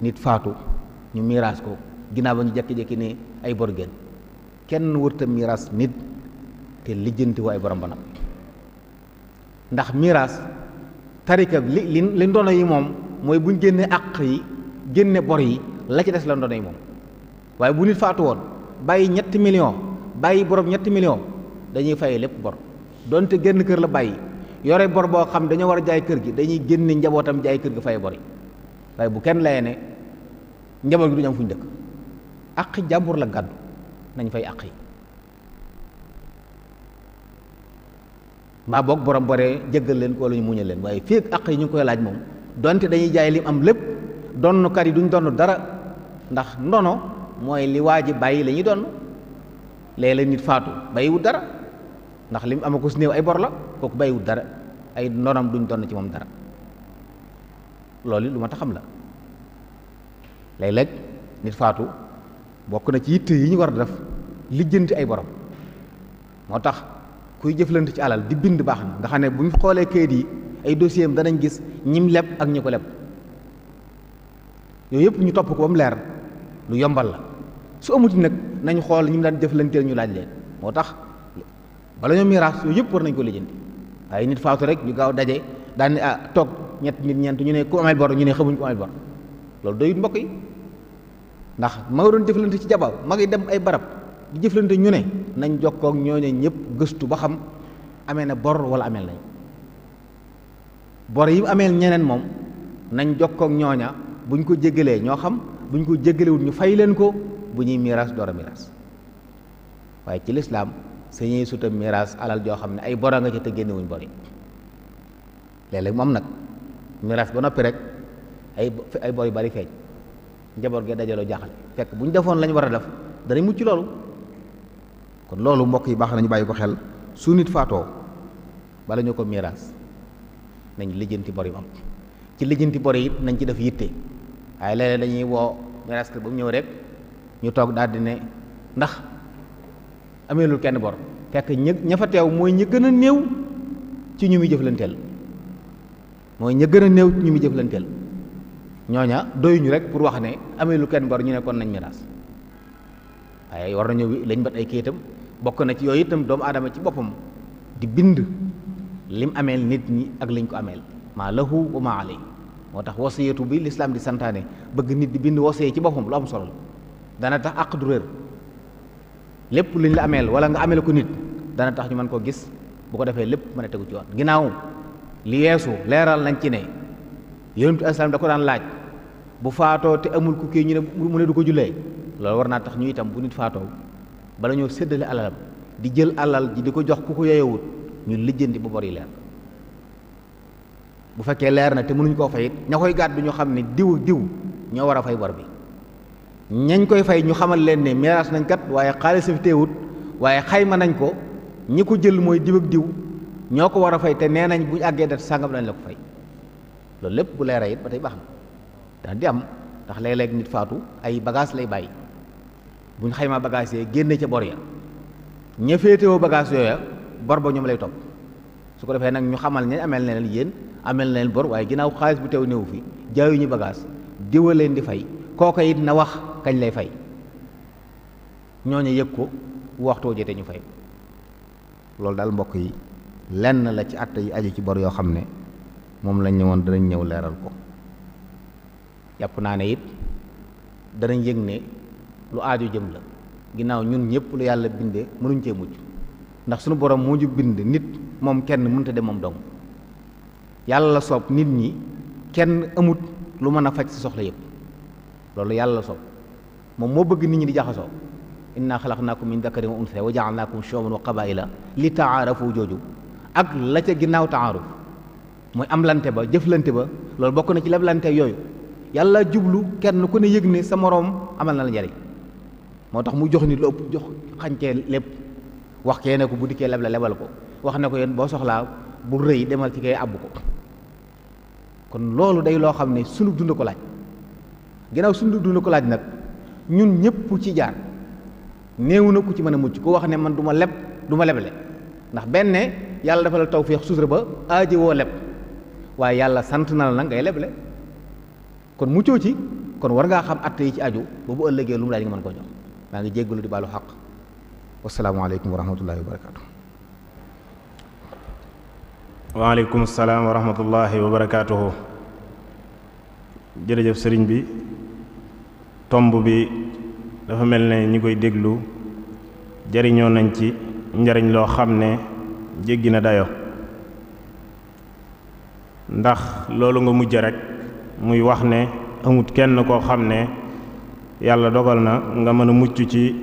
B: nit faatu ñu miraas ko ginnaaw ba ñu jekki-jekki ne ay bor génn kenn wërta miraas nit te lijjanti wu ay borom ndax miraas tarika li li li ndono yi moom mooy buñ génne àq yi génne bor yi la ci des la ndono yi moom waaye bu nit faatu woon bàyyi ñetti million bàyyi borom ñetti million dañuy fay lépp bor donte génn kër la bàyyi yore bor boo xam dañoo war a jaay kër gi dañuy génne njabootam jaay kër gi fay bor yi waaye bu kenn layee ne njaboot yi duñu am fu ñu dëkk aqi jàmbur la gàddu nañ fay aq yi mbaa boog borom boree jéggal leen ko wala ñu muñal leen waaye fii ak aq yi ñu koy laaj moom donte dañuy jaay lim am lépp kar yi duñ donn dara ndax ndono mooy li waa ji bàyyi lañuy ñuy doon léeg-léeg nit faatu bàyyiwut dara ndax li mu ama ko si néew ay bor la kooku bàyyiwut dara ay ndonam duñ doon ci moom dara loolu lu ma taxam la léeg lekk nit faatu bokk na ci yitte yi ñu war a def lijjanti ay borom moo tax kuy jëflante ci alal di bind baax na nga xam ne bu ñu xoolee kayit yi ay dossier danañ gis ñim leb ak ñi ko leb yooyu yëpp ñu topp ko ba mu leer lu yombal la su amuti nag nañu xool ñi mu daan jëflanteel ñu laaj leen moo tax bala ñoo miraas yooyu yëpp war nañ ko lijjanti waaye nit faatu rek ñu gaaw daje daan ne ah, toog ñett nit ñeent ñu ne ku amel bor ñu ne xamuñ ku amel bor loolu doyut mbokk yi ndax ma nga doon jëflante ci jabar ma yi dem ay barab di jëflante ñu ne nañ jokkook ñoo ne ñëpp gëstu ba xam amee na bor walla ameel nañ bor yi ameel ñeneen moom nañ jokkoog ñooña buñ ko jégalee ñoo xam buñ ko jégalewul ñu fay leen ko bu ñuy miraas door a miraas waaye ci lislaam sañuy suta miraas alal joo xam ne ay bor nga ci te génnewuñ bor yi léeg-léeg moom nag miraas ba noppi rek ay ay bor yu bari feeñ njaboot gee dajaloo jaaxle fekk bu ñu defoon lañ war a def danañ mucc loolu kon loolu mbokk yi baax nañu bàyyi ko xel su nit faatoo bala ñu ko miraas nañ lijjanti bor yu am ci lijjanti bor yi nañ ci def yitte waaye léeg-léeg dañuy woo miraas ba mu ñëw rek ñu toog daal di ne ndax ameelul kenn bor fekk ñë ña fa teew mooy ñi gën a néew ci ñu muy jëflanteel mooy ña gën a néew ci ñu muy jëflanteel ñooña doyuñu rek pour wax ne ameelul kenn bor ñu ne kon nañ miraas waaye war nañu lañ bat ay kayitam bokk na ci yooyu itam doomu adama ci boppam di bind lim ameel nit ñi ak lañ ko ameel maa lahu wa maa moo tax wasiyatu bi lislaam di santaane bëgg nit di bind wasiye ci boppam lu am solo dana tax àq du réer lépp lu ñu la ameel wala nga ameel ko nit dana tax ñu man koo gis bu ko defee lépp mën a tegu ci yoon ginnaaw li yeesu leeral nañ ci ne yonent asalaam da ko daan laaj bu faatoo te amul ku kii ñu ne mu ne du ko jullee loolu war naa tax ñu itam bu nit faatoo bala ñoo seddale alalam di jël alal ji di ko jox ku ko yeyewut ñu lijjanti bu bor yi leer bu fekkee leer na te mënuñ koo fay ña koy du ñu xam ne diw diw ñoo war a fay bor bi ñañ koy fay ñu xamal leen ne meeraas nañ kat waaye xaalis bi teewut waaye xayma nañ ko ñi ko jël mooy diw ak diw ñoo ko war a fay te nee nañ bu ñu àggee dat sàngam lañ la ko fay loolu lépp bu leeree it ba tey baax na daan di am ndax léeg-léeg nit faatu ay bagage lay bàyyi bu ñu xaymaa bagage yee génne ca bor ya ña féetewoo bagage yooya bor ba ñoom lay topp su ko defee nag ñu xamal ne ameel na leen yéen ameel na leen bor waaye ginnaaw xaalis bu teew néew fi jaayuñu bagage diwa leen di fay kooka it na wax kañ lay fay ñooñu yëg ko waxtoo jotee ñu fay loolu daal mbokk yi lenn la ci àtte yi aju ci bor yoo xam ne moom lañ ñëwoon danañ ñëw leeral ko jàpp naa ne it danañ yëg ne lu aaju jëm la ginnaaw ñun ñëpp lu yàlla bindee mënuñ cee mujj ndax suñu borom moo ju bind nit moom kenn mënta dem moom dong yàlla la soob nit ñi kenn amut lu mën a faj si soxla yëpp loolu yàlla la moom moo bëgg nit ñi di jaxasoo inna xalaqnaakum min dakarin wa unsa wa jaalnaakum shuuban wa qabaila li taarafu jooju ak la ca ginnaaw taaruf mooy amlante ba jëflante ba loolu bokk na ci leblante yooyu yàlla jublu kenn ku ne yëg ne sa moroom amal na la njariñ moo tax mu jox ni lu ëpp jox xancee lépp wax kee ne ko bu dikkee leb la lebal ko wax ne ko yéen boo soxlaa bu rëy demal ci kay àbb ko kon loolu day loo xam ne sunu dund ko laaj ginnaaw suñu dund ko laaj nag ñun ñëpp ci jaar néew na ku ci mën a mucc ku wax ne man duma ma leb du ma lebale ndax benn yàlla dafa taw tawféex sutura ba aaje woo leb waaye yàlla sant na la nag ngay leble kon muccoo ci kon war ngaa xam atte yi ci aju ba bu ëllëgee lu mu daal di nga mën koo jox
A: maa ngi jéggalu di baalu xaq wasalaamualeykum wa rahmatullahi wa barakaatu. salaam wa rahmatullahi wa barakaatuhu. jërëjëf sëriñ bi. tomb bi dafa mel ne ñi koy déglu jariñoo nañ ci njariñ loo xam ne jéggi na dayo ndax loolu nga mujj rek muy wax ne amut kenn koo xam ne yàlla dogal na nga mën a mucc ci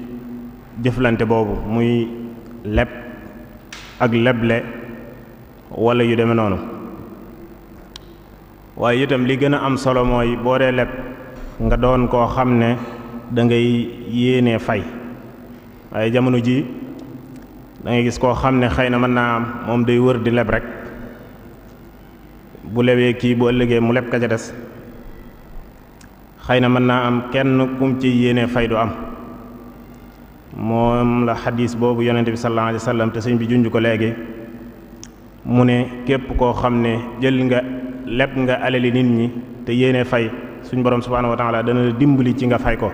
A: jëflante boobu muy leb ak leble wala yu deme noonu waaye itam li gën a am solo mooy boo dee leb nga doon koo xam ne dangay ngay fay waaye jamono ji da gis koo xam ne xëy na mën naa am moom day wër di leb rek bu lewee kii bu ëllëgee mu leb ka ca des xëy na mën naa am kenn kum ci yéenee fay du am moom la xadis boobu yonente bi sallallahu alayhi wa te sëñ bi junj ko léegi mu ne képp koo xam ne jël nga leb nga alali nit ñi te yéene fay suñ borom subhaanahu wa taala dana la dimbali ci nga fay ko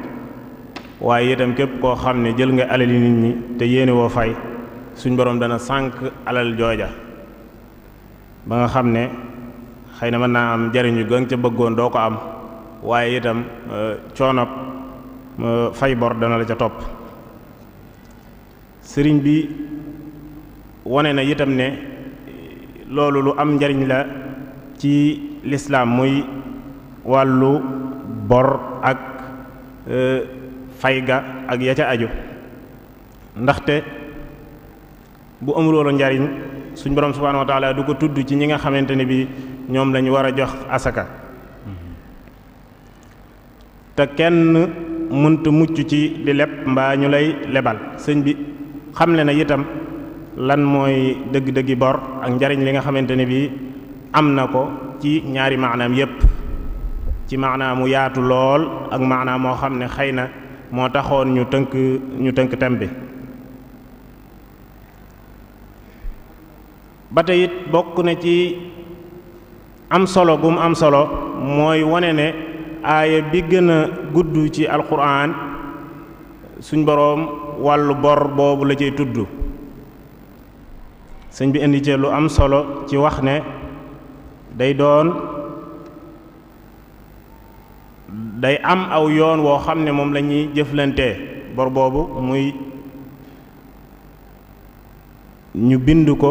A: waaye itam képp koo xam ne jël nga alali nit ñi te yéene woo fay suñ borom dana sànq alal jooja ba nga xam ne xëy na mën naa am jariñu ga nga ca bëggoon doo ko am waaye itam euh, coonob euh, fay bor dana la ca topp sëriñ bi wone na itam ne loolu lu am njariñ la ci lislaam muy wàllu bor ak e, fayga ak ya ca aju ndaxte bu amul woon njariñ suñ borom subhaanahu wa taala du ko tudd ci ñi nga xamante ne bi ñoom lañu war a jox asaka te kenn mënta mucc ci di leb mbaa ñu lay lebal sëñ bi xamle na itam lan mooy dëgg-dëggi bor ak njariñ li nga xamante ne bi am na ko ci ñaari maanaam yépp ci maanaa mu yaatu lool ak maanaa moo xam ne xëy na moo taxoon ñu tënk ñu tënk thème bi ba tey bokk na ci am solo gum am solo mooy wane ne aaya bi gën a gudd ci alxuraan suñ boroom wàllu bor boobu la cay tudd sëñ bi indi ci lu am solo ci wax ne day doon day am aw yoon woo xam ne moom lañuy ñuy jëflantee bor boobu muy ñu bind ko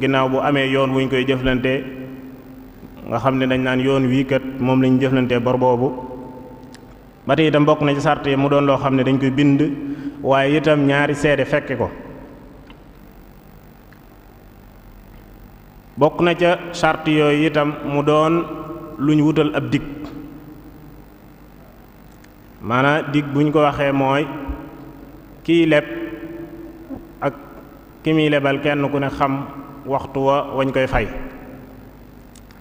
A: ginnaaw bu amee yoon wuñ koy jëflantee nga xam ne dañ naan yoon wiikat moom la ñu jëflantee bor boobu ba tey itam bokk na ci sart yi mu doon loo xam ne dañ koy bind waaye itam ñaari seede fekke ko bokk na ca sart yooyu itam mu doon lu ñu wutal ab dikk maanaam dig buñ ko waxee mooy kiy leb ak ki muy lebal kenn ku ne xam waxtu wa wañ koy fay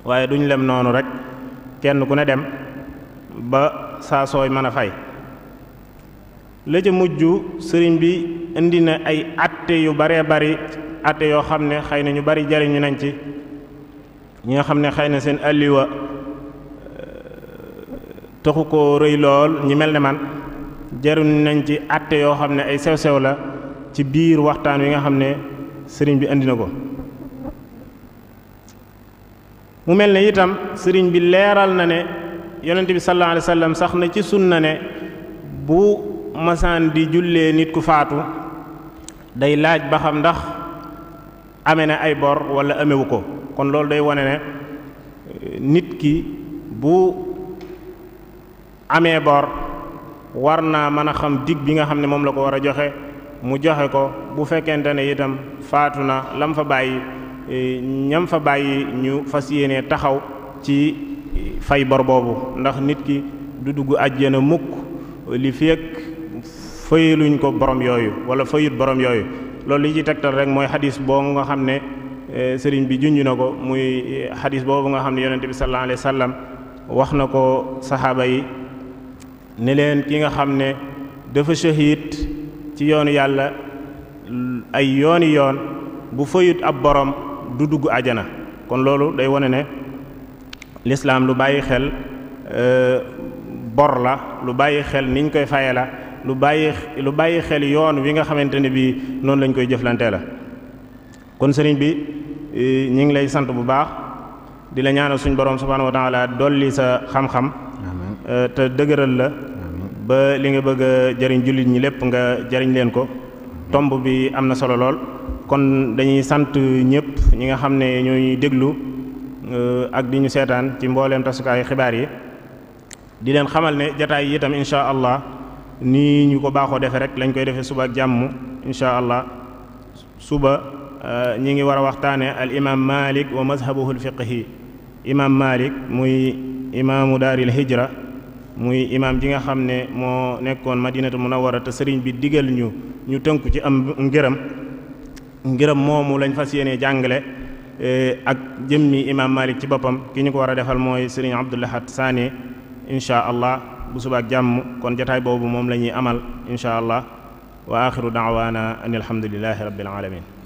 A: waaye duñ lem noonu rek kenn ku ne dem ba saa sooy mën a fay la ca mujj sëriñ bi indi na ay atte yu baree bari atte yoo xam ne xëy na ñu bari jariñu nañ ci ñi nga xam ne xëy na seen alliwa taxu ko rëy lool ñi mel ne man jaruñ nañ ci àtte yoo xam ne ay sew-sew la ci biir waxtaan wi nga xam ne sëriñ bi indi na ko mu mel ne itam sëriñ bi leeral na ne yonent bi sallallahu alayhi wasallam sax na ci na ne bu masaan di jullee nit ku faatu day laaj ba xam ndax ame na ay bor wala amewu ko kon loolu day wone ne nit ki bu amee bor war naa mën a xam digg bi nga xam ne moom la ko war a joxe mu joxe ko bu fekkente ne itam faatu na lam fa bàyyi e, ñam fa bàyyi ñu fas yéene taxaw ci fay bor boobu ndax nit ki du dugg àjjana mukk li fekk fayaluñ ko borom yooyu wala fayut borom yooyu loolu li ci tegtal rek mooy xadis boobu nga xam ne e, sëriñ bi junj na ko muy xadis boobu nga xam ne yonente bi sallallahu alayhi wa wax na ko saxaaba yi ne leen ki nga xam ne dafa shahid ci yoonu yàlla ay yooni yoon bu fayut ab boroom du dugg ajana kon loolu day wone ne lislaam lu bàyyi xel euh, bor la lu bàyyi xel niñ koy faye la lu bàyyi lu bàyyi xel yoon wi nga xamante ni bii noonu lañ koy jëflantee la kon sëriñ bi euh, ñi ngi lay sant bu baax di la ñaanal suñ borom subhaanahu wa taala dolli sa xam-xam euh, te dëgëral la ba li nga bëgg a jëriñ jullit ñi lépp nga jariñ leen ko tomb bi am na solo lool kon dañuy sant ñëpp ñi nga xam ne ñuy déglu euh, ak di ñu seetaan ci mbooleem tasukaayu xibaar yi di leen xamal ne jataay yi itam incha allah nii ñu ko baaxoo defee rek lañ koy defee suba ak jàmm incha allah suba euh, ñi ngi war a waxtaane al imam malik wa mazhabuhu al fiqhi imam malik muy imaamu daaril hijra muy imaam ji nga xam ne moo nekkoon war a te sëriñ bi digal ñu ñu tënku ci am ngërëm ngërëm moomu lañ fas yéenee jàngale eh, ak jëmmi imaam Malik ci boppam ki ñu ko war a defal mooy sëriñ Abdul Ahad Sané incha allah bu subaak jàmm kon jataay boobu moom la ñuy amal incha allah wa axiru daawaana an alhamdulilahi rabbil alamin